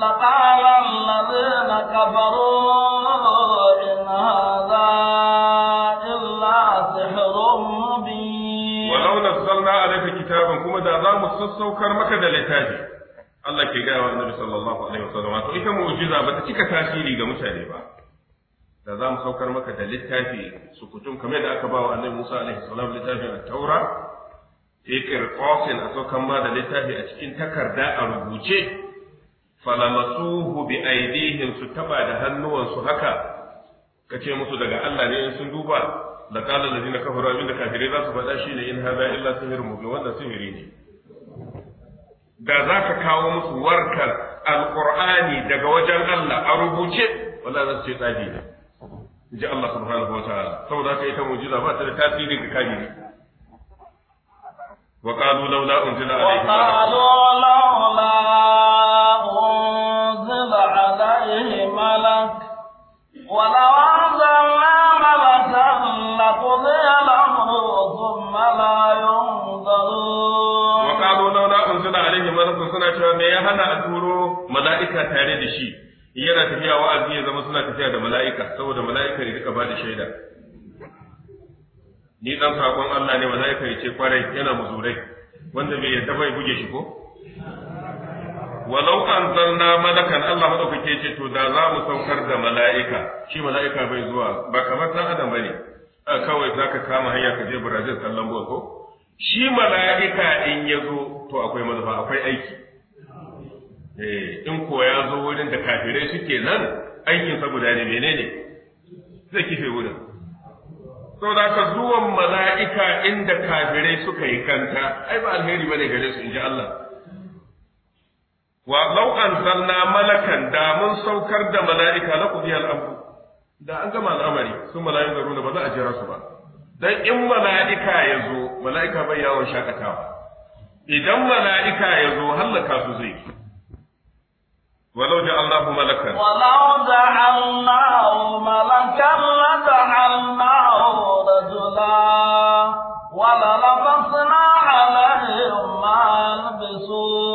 Speaker 3: لقال الذين كفروا إن هذا إلا سحر مبين ولو نزلنا
Speaker 1: عليك كتابا كما دعنا مخصصا وكان مكدا لتاجي الله كي جاء النبي صلى الله عليه وسلم ايه موجزة بتتك تاثيري جمسة ليبا da za mu saukar maka da littafi sukutun kamar da aka ba wa annabi Musa alaihi salam littafin a taura fi qirqasin a saukar ma da littafi a cikin takarda a rubuce falamasuhu bi aidihim su taba da hannuwansu haka kace musu daga Allah ne in sun duba da qala allazina kafaru abinda kafirai za su faɗa shine in hadha illa sihrun mubin wannan sihiri ne da za ka kawo musu warkar alqur'ani daga wajen Allah a rubuce wallahi za su ce tsadi ne ji Allah subhanahu wa ta'ala saboda haka ita mu'jiza ba ta da tasiri ga kafiri wa qalu laula unzila alayhi wa qalu
Speaker 3: unzila alayhi malak
Speaker 4: wa law anzalna malakan laqudiya al-amru thumma la
Speaker 3: yunzarun
Speaker 1: wa qalu unzila alayhi malak suna cewa me ya hana a turo mala'ika tare da shi yana tafiya wa'azi ya zama suna tafiya da mala'ika saboda mala'ika ne duka ba da shaida ni dan sakon Allah ne mala'ika ya ce kwarai yana muzurai wanda bai yarda bai buge shi ko walau an zanna malakan Allah madaukake ce to da za mu saukar da mala'ika shi mala'ika bai zuwa ba kamar dan adam bane kawai zaka kama hanya ka je Brazil kallon ko shi mala'ika in yazo to akwai manufa akwai aiki Eh, in ko ya zo wurin da kafirai suke nan aikin saboda ne menene zai kife wurin saboda ka zuwan mala'ika inda kafirai suka yi kanta ai ba alheri bane gare su inji Allah wa law zanna malakan da mun saukar da mala'ika na kuɗi al da an gama al'amari sun mala'ika da ba za a jira su ba Don in mala'ika ya zo mala'ika bai yawon shakatawa idan mala'ika ya zo hallaka su zai ولو جعلناه ملكا
Speaker 3: ولو جعلناه ملكا لجعلناه رجلا
Speaker 2: وللبسنا
Speaker 3: عليهم ما لبسوا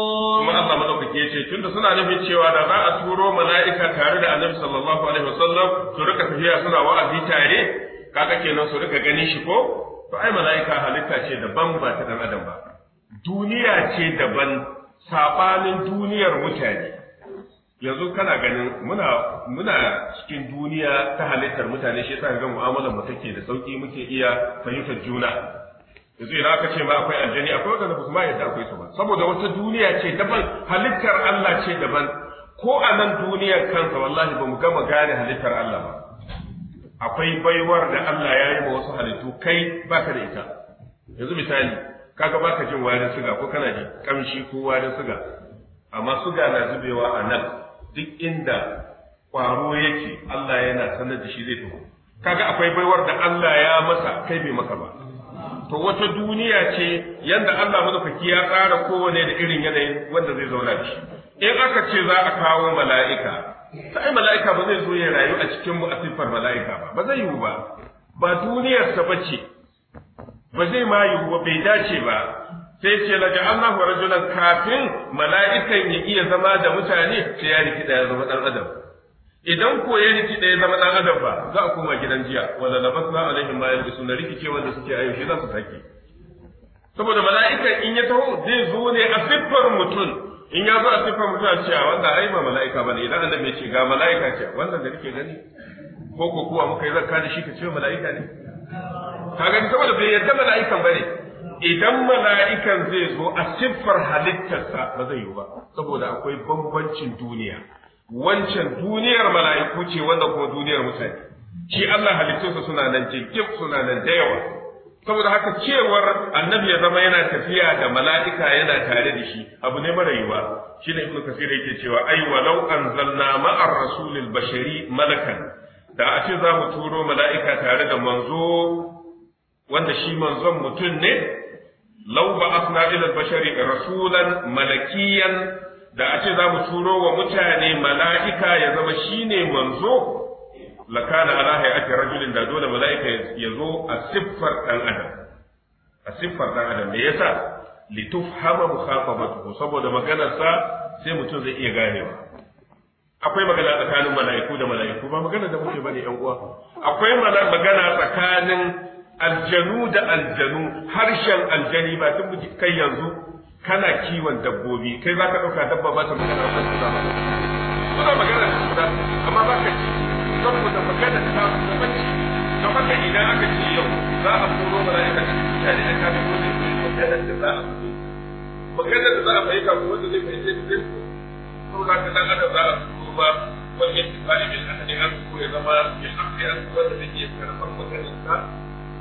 Speaker 1: ce tunda suna nufin cewa da za a turo mala'ika tare da Annabi sallallahu alaihi wasallam su rika tafiya suna wa'azi tare kaga kenan su rika ganin shi ko to ai mala'ika halitta ce daban ba ta dan adam ba duniya ce daban sabanin duniyar mutane yanzu kana ganin muna muna cikin duniya ta halittar mutane shi yasa ga mu'amalar mu take da sauki muke iya fahimtar juna yanzu idan aka ce ma akwai aljani akwai wanda ba su ma yadda akwai su ba saboda wata duniya ce daban halittar Allah ce daban ko a nan duniyar kansa wallahi ba mu gama gane halittar Allah ba akwai baiwar da Allah ya yi ma wasu halittu kai ba ka da ita yanzu misali kaga baka jin warin suga ko kana jin kamshi ko warin suga amma suga na zubewa a nan duk inda kwaro yake Allah yana sanar da shi zai fito kaga akwai baiwar da Allah ya masa kai bai maka ba to wata duniya ce yanda Allah madaukaki ya tsara kowane da irin yanayin wanda zai zauna da shi in aka ce za a kawo mala'ika sai mala'ika ba zai zo ya rayu a cikin mu a siffar mala'ika ba ba zai yiwu ba ba duniyarsa ba ce ba zai ma yiwu ba bai dace ba sai ce la ja'alnahu rajulan kafin mala'ikan ya iya zama da mutane sai ya rikida ya zama dan adam idan ko ya da ya zama dan adam ba za a koma gidan jiya wala labasna alaihim ma riki rikice wanda suke ayo za su sake saboda mala'ikan in ya taho zai zo ne a siffar mutum in ya zo a siffar mutum a cewa wanda ai ba mala'ika bane idan annabi ya ce ga mala'ika ce wannan da kake gani ko ko kuwa muka yi zakka da shi ka ce mala'ika ne kaga saboda bai yarda mala'ikan bane idan mala'ikan zai zo a siffar halittarsa ba zai yi ba saboda akwai bambancin duniya wancan duniyar mala'iku ce wanda kuma duniyar mutane shi Allah halittunsa suna nan jinkir, suna nan da yawa saboda haka cewar annabi ya zama yana tafiya da mala'ika yana tare da shi abu ne mara yiwa shi ne ibnu kasir yake cewa ai walau anzalna ma'ar rasulil bashari malakan da a ce za mu turo mala'ika tare da manzo wanda shi manzon mutum ne lau ba asna ila bashari rasulan malakiyan da a ce za mu turo wa mutane mala'ika ya zama shine manzo lakana ala hayati rajulin da dole mala'ika ya zo a siffar dan adam a siffar dan adam me yasa kafa matuku saboda maganarsa sai mutum zai iya ganewa akwai magana tsakanin mala'iku da mala'iku ba magana da muke bane yan uwa akwai magana tsakanin aljanu da aljanu harshen aljani ba tun buji kai yanzu kana kiwon dabbobi kai za ka ɗauka dabba ba ta magana ba ta zama magana da suna amma ba ka ci magana ta zama ci ta idan aka ci yau za a koro ba za a mutane kafin wani magana da za a magana da za a fahimta ko wanda zai fahimta da zai ko za ka dan adam za a ba wani yadda a ko ya zama ya zai iya karɓar ta.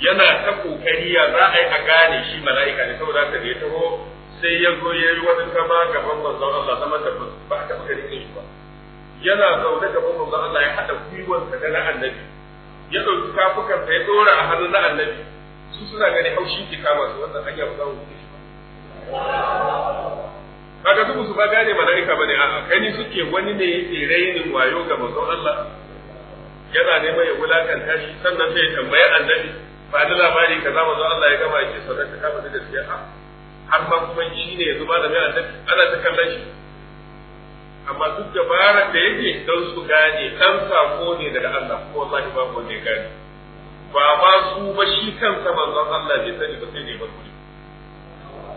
Speaker 1: yana ta kokari ya za a yi a gane shi mala'ika ne saboda ta da ya taho sai ya zo ya yi wani kama gaban manzon Allah sama da ba ta baka rike shi ba yana zaune gaban manzon Allah ya hada sa da na annabi ya ɗauki kafukansa ya ɗora a hannun na annabi su suna gani haushi ke kama su wannan hanya ba za mu shi
Speaker 4: ba
Speaker 1: kaga su su ba gane mala'ika bane a'a kai ni suke wani ne yake rainin wayo ga manzon Allah yana neman ya wulakanta shi sannan sai ya tambayi annabi ba da labari kaza manzo Allah ya gama yake sadaka ka da gaskiya a? Ah, har ma kuma shi ne yanzu mai annabi ana ta kallon shi amma duk da bara da yake don su gane dan sako ne daga Allah ko wallahi ba ko ne gane ba ba su ba shi kansa manzo Allah ya sani ba sai ne ba kuri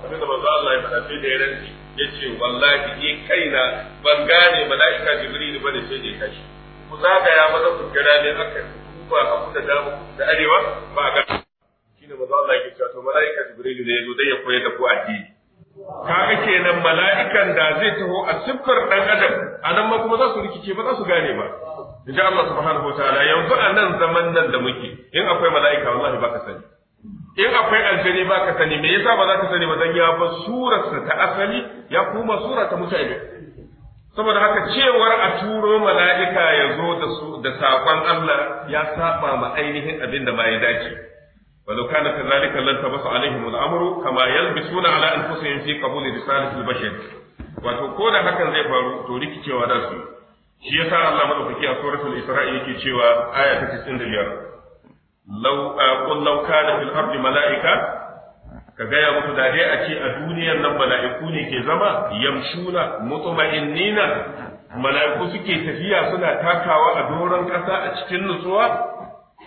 Speaker 1: kamar da manzon Allah ya faɗa sai da ya rantsi ya ce wallahi ni kaina ban gane mala'ika jibril ba da sai ne kashi ku zagaya maza ku kira ne haka zuwa hagu da dama da arewa ba a gaba shine manzo Allah yake cewa to malaika jibrilu ne zo dai ya koyar da ku addini Ka kaga kenan mala'ikan da zai taho a siffar dan adam anan ma kuma za su rikice ba za su gane ba inji Allah subhanahu wataala yanzu a nan zaman nan da muke in akwai mala'ika wallahi ka sani in akwai aljani ba ka sani me yasa ba za ka sani ba zan ya bar surarsa ta asali ya kuma sura ta mutane saboda haka cewar a turo mala'ika ya zo da su da saƙon Allah ya saba ma ainihin abin da ma ya dace walau kana kazalika lan tabasu alaihim al'amru kama yalbisuna ala anfusihim fi qabul risalati al Bashir. wato ko da hakan zai faru to rikicewa da su shi yasa Allah madaukaki a suratul isra'i yake cewa aya ta 95 law qul law kana fil ardi mala'ika ka gaya muku da dai a ce a duniyar nan mala'iku ne ke zama yamshuna mutma'innina mala'iku suke tafiya suna takawa a doron ƙasa a cikin nutsuwa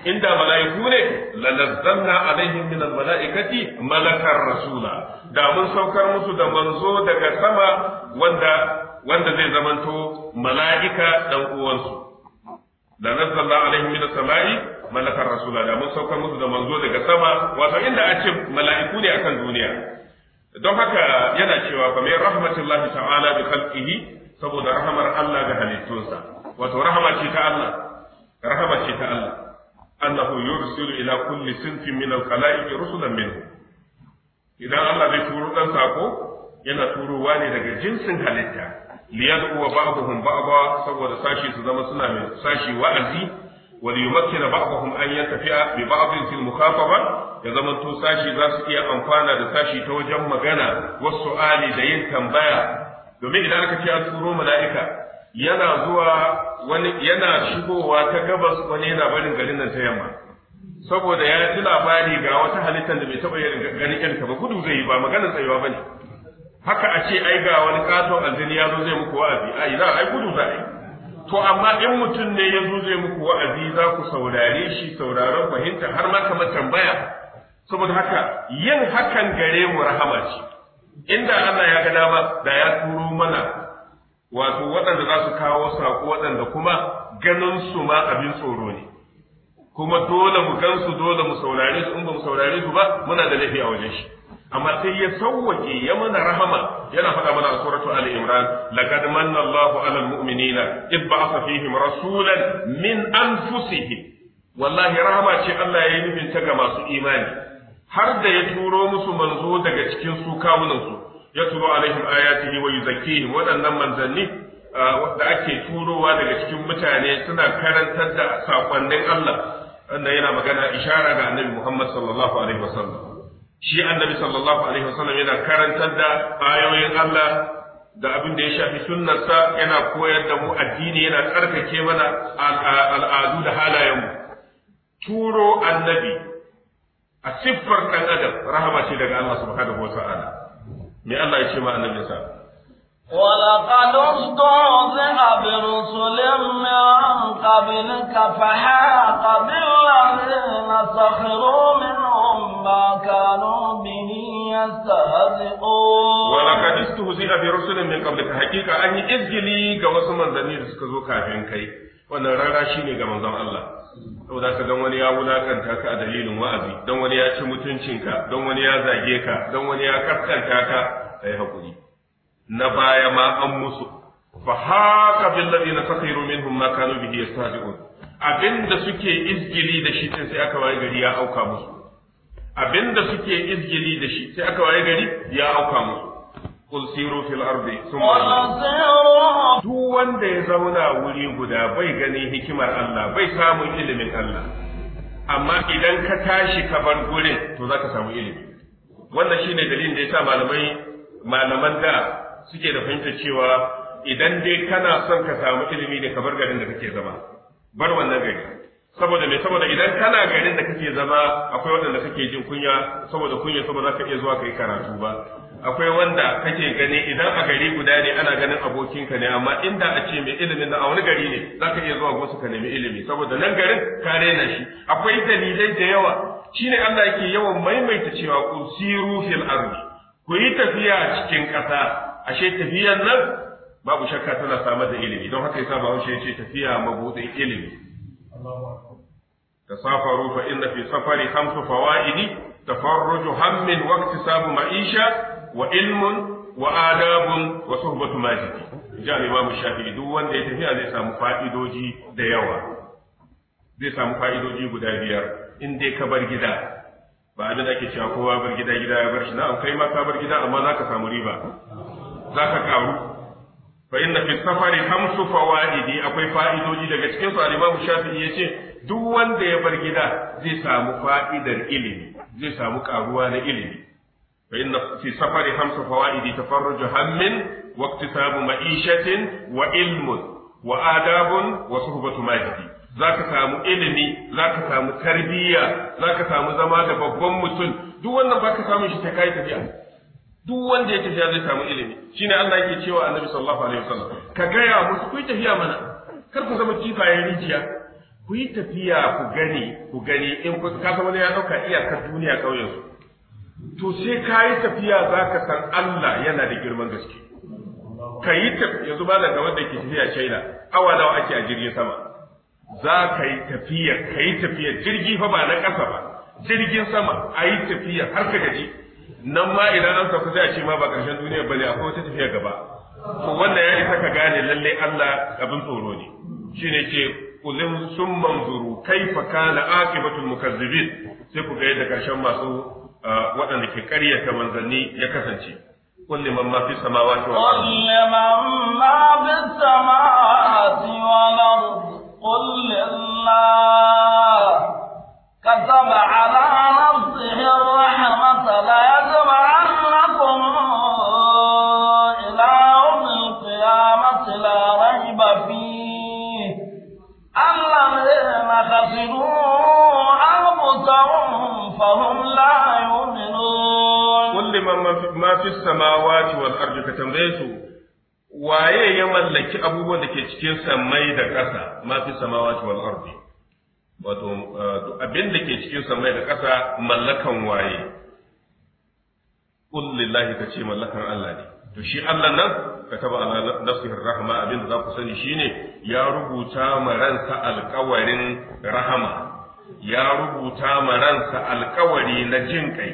Speaker 1: inda mala'iku ne lalazzanna alaihim min almala'ikati malakar rasula da mun saukar musu da manzo daga sama wanda wanda zai zamanto mala'ika dan uwansu lalazzanna alaihim min samai malakar rasula da mun saukar musu da manzo daga sama wato inda a ce mala'iku ne akan duniya don haka yana cewa fa mai rahmatullahi ta'ala bi khalqihi saboda rahamar Allah ga halittunsa wato rahama ce ta Allah rahama ce ta Allah annahu yursilu ila kulli sinfin min al-khalaiq rusulan minhu idan Allah zai turo dan sako yana turowa ne daga jinsin halitta liyad'u wa ba'dhum ba'dha saboda sashi su zama suna mai sashi wa'azi wal yumakkina ba'dahum an yantafi'a bi ba'dhin fil mukhafaba ya zaman to sashi za su iya amfana da sashi ta wajen magana wasu ali da yin tambaya domin idan aka ce an mala'ika yana shigowa ta gabas wani yana barin garin nan ta yamma saboda ya ji labari ga wata halittar da bai taɓa ganin ba gudu zai yi ba maganar tsayuwa ba ne haka a ce ai ga wani katon aljini ya zo zai muku wa'azi ai za ai gudu za a yi to amma in mutum ne ya zo zai muku wa'azi za ku saurare shi sauraron fahimta har ma kamar tambaya saboda haka yin hakan gare mu rahama ce inda Allah ya ga dama da ya turo mana wato waɗanda za su kawo saƙo waɗanda kuma ganin su ma abin tsoro ne kuma dole mu gansu dole mu saurare su in ba mu saurare su ba muna da laifi a wajen shi amma sai ya sauwake ya mana rahama yana faɗa mana a suratu Ali Imran laqad manna Allahu 'alal mu'minina id ba'atha fihim rasulan min anfusihim wallahi rahama ce Allah ya yi nufin ta ga masu imani har da ya turo musu manzo daga cikin su kawunan su ya turo alaihim ayatihi wa yuzakkihim waɗannan manzanni ah, da ake turowa daga cikin mutane suna karantar da sakonnin Allah wannan yana magana ishara ga annabi Muhammad sallallahu alaihi wasallam shi annabi sallallahu alaihi wasallam yana karantar da ayoyin Allah da abin da ya shafi sunnarsa yana koyar da mu addini yana tsarkake mana al'adu da halayenmu turo annabi a siffar ɗan adam rahama ce daga Allah subhanahu wata'ala me Allah ya ce ma annabi sa
Speaker 3: ولقد استهزئ برسل من قبلك فحاق بالذين سخروا من ما كانوا به يستهزئون ولقد استهزئ
Speaker 1: برسل من قبلك حقيقة أني إزجلي كما سمن زني سكزو كافين كي wannan rara shi ne ga manzon Allah saboda ka dan wani ya wulakanta ka a dalilin wa'azi don wani ya ci mutuncinka don wani ya zage ka don wani ya kaskanta ka ka yi hakuri na baya ma an musu fa haka bil ladina sakhiru minhum ma kanu bihi Abin da suke izgili da shi sai aka waye gari ya auka musu abinda suke izgili da shi sai aka waye gari ya auka musu qul siru fil ardi duk wanda ya zauna wuri guda bai gani hikimar Allah bai samun ilimin Allah amma idan ka tashi ka bar gurin to zaka samu ilimi wannan shine dalilin da yasa malamai malaman da suke da fahimtar cewa idan dai kana son ka samu ilimi ne ka bar garin da kake zama bar wannan gari saboda me saboda idan kana garin da kake zama akwai wanda kake jin kunya saboda kunya saboda za ka iya zuwa kai karatu ba akwai wanda kake gani idan a gari guda ne ana ganin abokinka ne amma inda a ce mai ilimin da a wani gari ne zaka iya zuwa gosu ka nemi ilimi saboda nan garin kare na shi akwai dalilai da yawa shine Allah yake yawan maimaita cewa ku siru fil ardi ku yi tafiya cikin ƙasa ashe tafiyan nan babu shakka tana samar da ilimi don haka yasa Bahaushe ya ce tafiya mabudin ilimi تسافروا فإن في سفر خمس فوائد تفرج هم واكتساب معيشة وعلم وآداب وصحبة ماجد جاء الإمام الشافعي دوان وان دي تفيا زي سامو جي ديوا دي سامو فائدوجي guda biyar in dai ka bar gida ba abin ake cewa جدا bar gida gida ya bar shi na'am kai ma ka bar gida fa inna fi safari hamsu fawaidi akwai fa'idoji daga cikin su al-Imam Shafi'i yace duk wanda ya bar gida zai samu fa'idar ilimi zai samu karuwa na ilimi fa inna fi safari hamsu fawaidi tafarruju hammin wa iktisabu ma'ishatin wa ilmun wa adabun wa suhbatu majidi zaka samu ilimi zaka samu tarbiyya zaka samu zama da babban mutum duk wanda baka samu shi ta kai tafiya duk wanda ya tafiya zai samu ilimi shine Allah yake cewa annabi sallallahu alaihi wasallam ka gaya musu ku yi tafiya mana kar ku zama kifayen rijiya ku yi tafiya ku gani ku gani in ku ka san wani ya dauka iyakar duniya kauyen su to sai ka yi tafiya za san Allah yana da girman gaske ka yi tafiya yanzu ba daga wanda ke tafiya China. awa nawa ake a jirgin sama za ka yi tafiya ka yi tafiya jirgi fa ba na kasa ba jirgin sama a yi tafiya har ka gaji nan ma idan an sauka sai a ce ma ba karshen duniya bane akwai wata tafiya gaba to wannan ya isa ka gane lalle Allah abin tsoro ne shine ke uzin sun manzuru fa kana aqibatul mukazzibin sai ku ga yadda ƙarshen masu waɗanda ke ta manzanni ya kasance kullu man fi samawati wa ardi
Speaker 3: kulli fi samawati
Speaker 1: ƙasa ma fi samawati wal ardi wato eh, abin da ke cikin samai da ƙasa mallakan waye qul lillahi kace mallakan Allah ne to shi Allah nan kataba ala nafsihi rahma abin da za ku sani shine ya rubuta maransa alƙawarin rahama ya rubuta maransa alƙawari na jin kai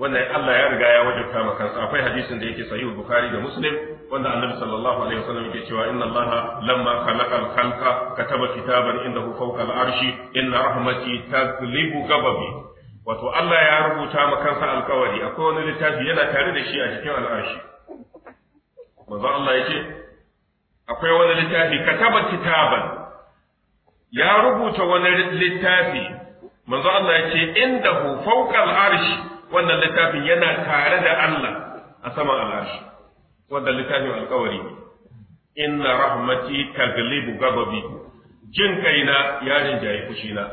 Speaker 1: wannan Allah ya riga ya wajabta maka akwai hadisin da yake sahih Bukhari da Muslim wanda annabi sallallahu alaihi wasallam yake cewa inna allaha lamma khalaqa al-khalqa kataba kitaban indahu fawqa al-arshi inna rahmati taglibu gababi. wato Allah ya rubuta ma kansa alkawari akwai wani littafi yana tare da shi a cikin al'arshi manzo Allah yake akwai wani littafi kataba kitaban ya rubuta wani littafi manzo Allah yake indahu fawqa al-arshi wannan littafin yana tare da Allah a saman al'arshi wanda littafin alkawari inna rahmati taglibu gababi jin kaina ya rinjaye kushina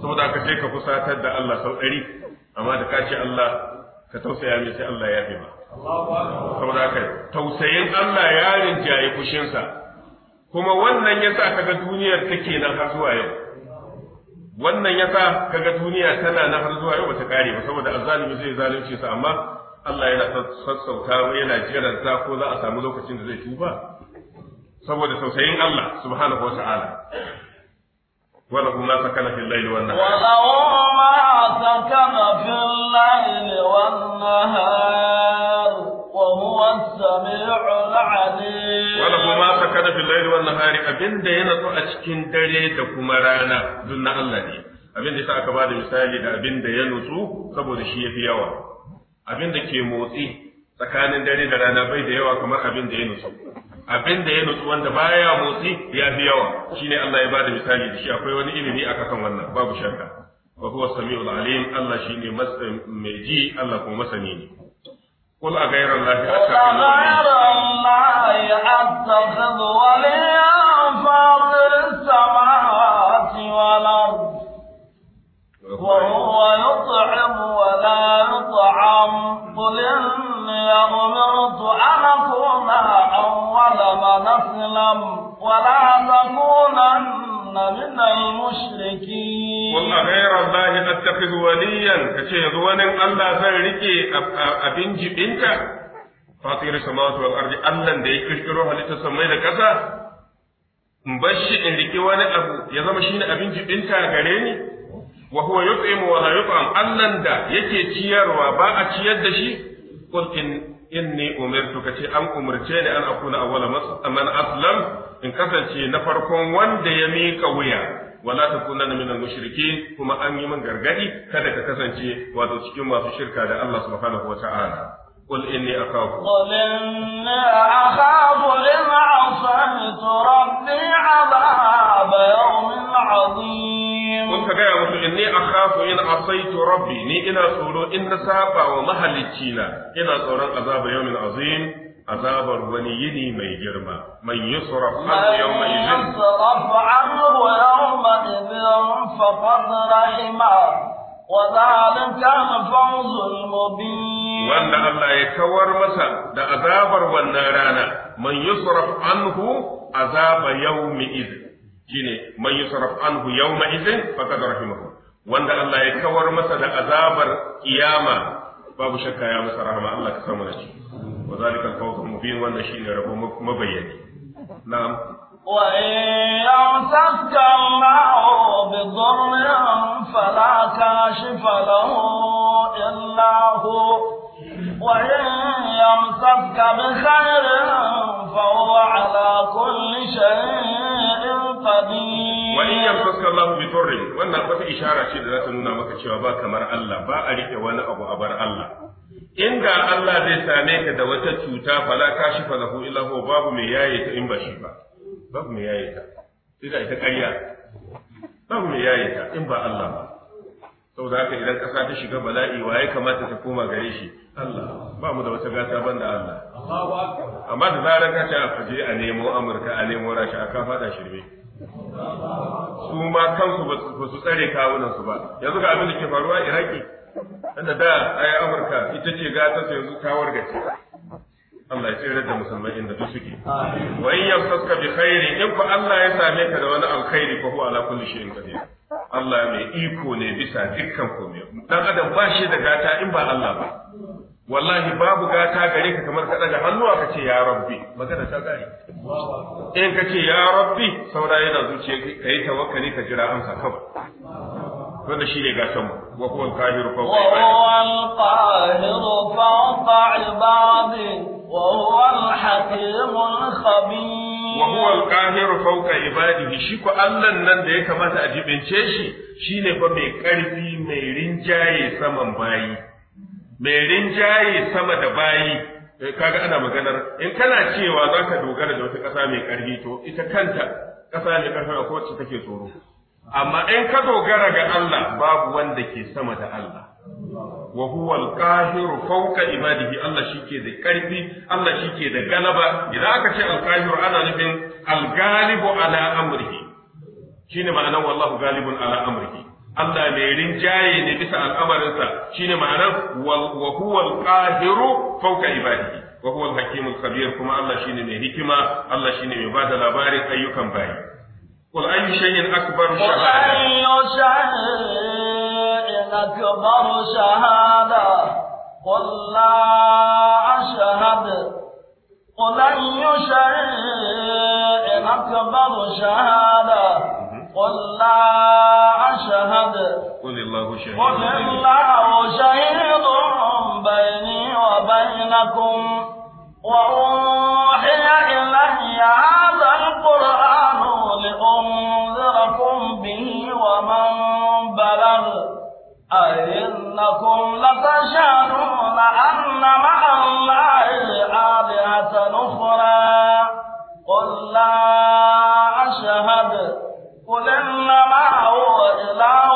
Speaker 1: saboda aka sai ka kusatar da Allah sau ɗari amma da ka ce Allah ka tausaya mai sai Allah ya fi ba saboda ka tausayin Allah ya rinjaye kushinsa kuma wannan ya sa kaga duniyar take nan har zuwa yau wannan ya sa kaga duniya tana nan har zuwa yau bata kare ba saboda azzalimi zai zalunce sa amma Allah yana sassauta yana jiranta ko za a samu lokacin da zai tuba saboda tausayin Allah subhanahu wata'ala وله ما سكن في الليل والنهار وله
Speaker 3: ما سكن في الليل والنهار وهو السميع العليم
Speaker 1: وله ما سكن في الليل والنهار abin da yana zo a cikin dare da kuma rana duk na Allah ne Abinda da yasa aka bada misali da abinda ya nutsu saboda shi yafi yawa abin da ke motsi tsakanin dare da rana bai da yawa kamar abin da ya nutsu abin da ya nutsu wanda baya motsi ya fi yawa shine Allah ya bada misali da shi akwai wani ilimi a kan wannan babu shakka wa huwa samiul alim Allah shine mai ji Allah kuma masani ne قل أغير الله
Speaker 3: أتخذ وليا فاطر السماوات وهو يطعم ولا يطعم قل إني أمرت أن أكون أول من أسلم ولا تكونن من
Speaker 1: المشركين قل غير الله أتخذ وليا كشيء ظن الله فرقي أبن جبنك فاطر السماوات والأرض ألا da ya kirkiro halittar samai da ƙasa in bar shi in riki wani abu ya zama shine abin jibinta gare ni wa huwa yut'imu wa yut'am Allah da yake ciyarwa ba a ciyar da shi qul in inni umirtu ce an umurce ni an akuna awwala man aslam in kasance na farkon wanda ya mika wuya wala takunanna minal mushrikeen kuma an yi min gargadi kada ka kasance wato cikin masu shirka da Allah subhanahu wata'ala قل إني أخاف قل
Speaker 3: إني أخاف إن عصيت ربي عذاب يوم عظيم
Speaker 1: Kun ka gaya musu in ni a khafu in asaitu rabbi ni ina tsoro in na saba wa mahalicci na ina tsoron azabar yau min azim azabar wani yini mai girma mai yi tsoron fadu yau mai yi jin. Wanda Allah ya kawar masa da azabar wannan rana man yusraf anhu azaba yawmi idh جيني من يصرف عنه يومئذ فقد رحمه وان الله يكور مثل عذاب قيامه باب شكا يا مسرهما الله كسمنا شيء وذلك الفوز المبين وان شيء يربو مبين نعم
Speaker 3: وإن يمسك الله بضر فلا كاشف له إلا هو وإن يمسك بخير فهو على كل شيء عظيم وإن يمسك
Speaker 1: الله wannan وأن wata ishara ce da za ta nuna maka cewa ba kamar Allah ba a rike wani abu a bar Allah inda Allah zai same ka da wata cuta fala fa lahu illa huwa babu mai yaye ta in ba shi ba babu mai yaye ta sai da ita ƙarya babu mai yaye ta in ba Allah ba saboda haka idan ƙasa ta shiga bala'i wa ya kamata ta koma gare shi Allah ba mu da wata gata banda Allah amma da zarar ka ce a faje a nemo Amurka a nemo Rasha a ka faɗa shirme
Speaker 2: su
Speaker 1: ma kansu ba su tsare kawunansu ba yanzu ga abin da ke faruwa iraki inda da yi amurka ita ce gata su yanzu kawar gaci Allah ya tsere da musamman inda duk suke wa in yamsaska bi khairi in ku Allah ya same ka da wani alkhairi fa huwa ala kulli shay'in qadir Allah mai iko ne bisa dukkan komai dan adam ba shi da gata in ba Allah ba wallahi babu gata gare ka kamar ka daga hannuwa ka ce ya rabbi magana ta gari in ka ce ya rabbi saura yana zuciya ka yi tawakkali ka jira amsa kawai wanda shi ne gatan mu wa huwa al-qahiru fawqa
Speaker 3: ibadi wa huwa
Speaker 1: al wa ibadihi shi ko allan nan da ya kamata a jibince shi shine fa mai karfi mai rinjaye saman bayi mai rinjaye sama da bayi eh, kaga ana maganar in kana cewa za ka dogara da wata ƙasa mai ƙarfi to ita kanta ƙasa mai ƙarfi a kowace take tsoro amma in ka dogara ga Allah babu wanda ke sama da Allah wa huwa al-qahiru fawqa ibadihi Allah shike da ƙarfi Allah shike da galaba idan aka ce al-qahiru ana nufin al-galibu ala amrihi shine ma'anar wallahu galibun ala amrihi Allah mai rinjaye ne bisa al'amarinsa shine ma'anar wa huwa al-qahiru fawqa ibadihi wa huwa al-hakim al-khabir kuma Allah shine mai hikima Allah shine mai bada labarin ayyukan bayi qul ayyu shay'in akbar shahada
Speaker 3: ayyu shay'in akbar shahada qul la ashhadu qul ayyu shay'in akbar shahada قل لا أشهد قل الله شهيد قل الله شهيد بيني وبينكم وأوحي إلي هذا القرآن لأنذركم به ومن بلغ أئنكم لتشهدون أن مع الله آلهة أخرى قل لا أشهد قل إنما هو إله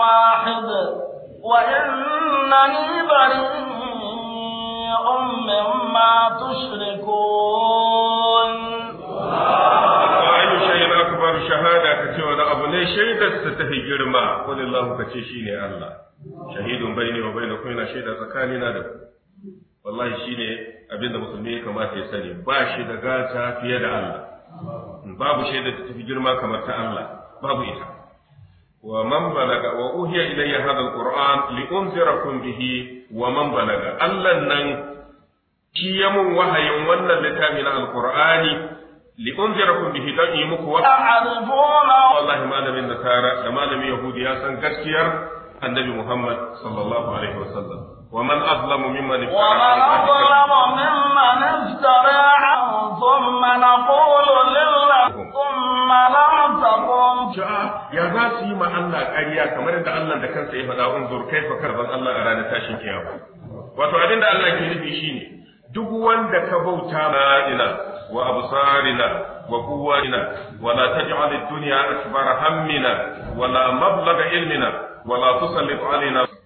Speaker 3: واحد وإنني بريء مما تشركون
Speaker 1: akbar shahada kace wani abu ne shaidar sa tafi girma kulillahu kace ne Allah shahidun baini wa kuma yana shaida tsakanina da ku wallahi ne abinda musulmi kamata ya sani ba shi da gata fiye da Allah babu shaida da tafi girma kamar ta Allah babu ita wa man balaga wa uhiya ilayya hadha alquran li unzirakum bihi wa man balaga Allah nan ki yamun wahayin wannan littafi na alqurani li unzirakum bihi ta yi muku wa
Speaker 3: wallahi
Speaker 1: malamin nasara da malamin yahudi ya san gaskiyar annabi Muhammad sallallahu alaihi wasallam ومن أظلم ممن افترى ومن أظلم
Speaker 3: ممن افترى ثم نقول لله ثم لا تقوم يا za
Speaker 1: su yi ma Allah ƙarya kamar yadda Allah da kansa ya faɗa unzur kaifa karban Allah a ranar tashin kiyama wato abin da Allah ke nufi duk wanda ka bauta ma ila wa absarina وقوتنا ولا تجعل الدنيا أكبر همنا ولا مبلغ علمنا ولا تسلط علينا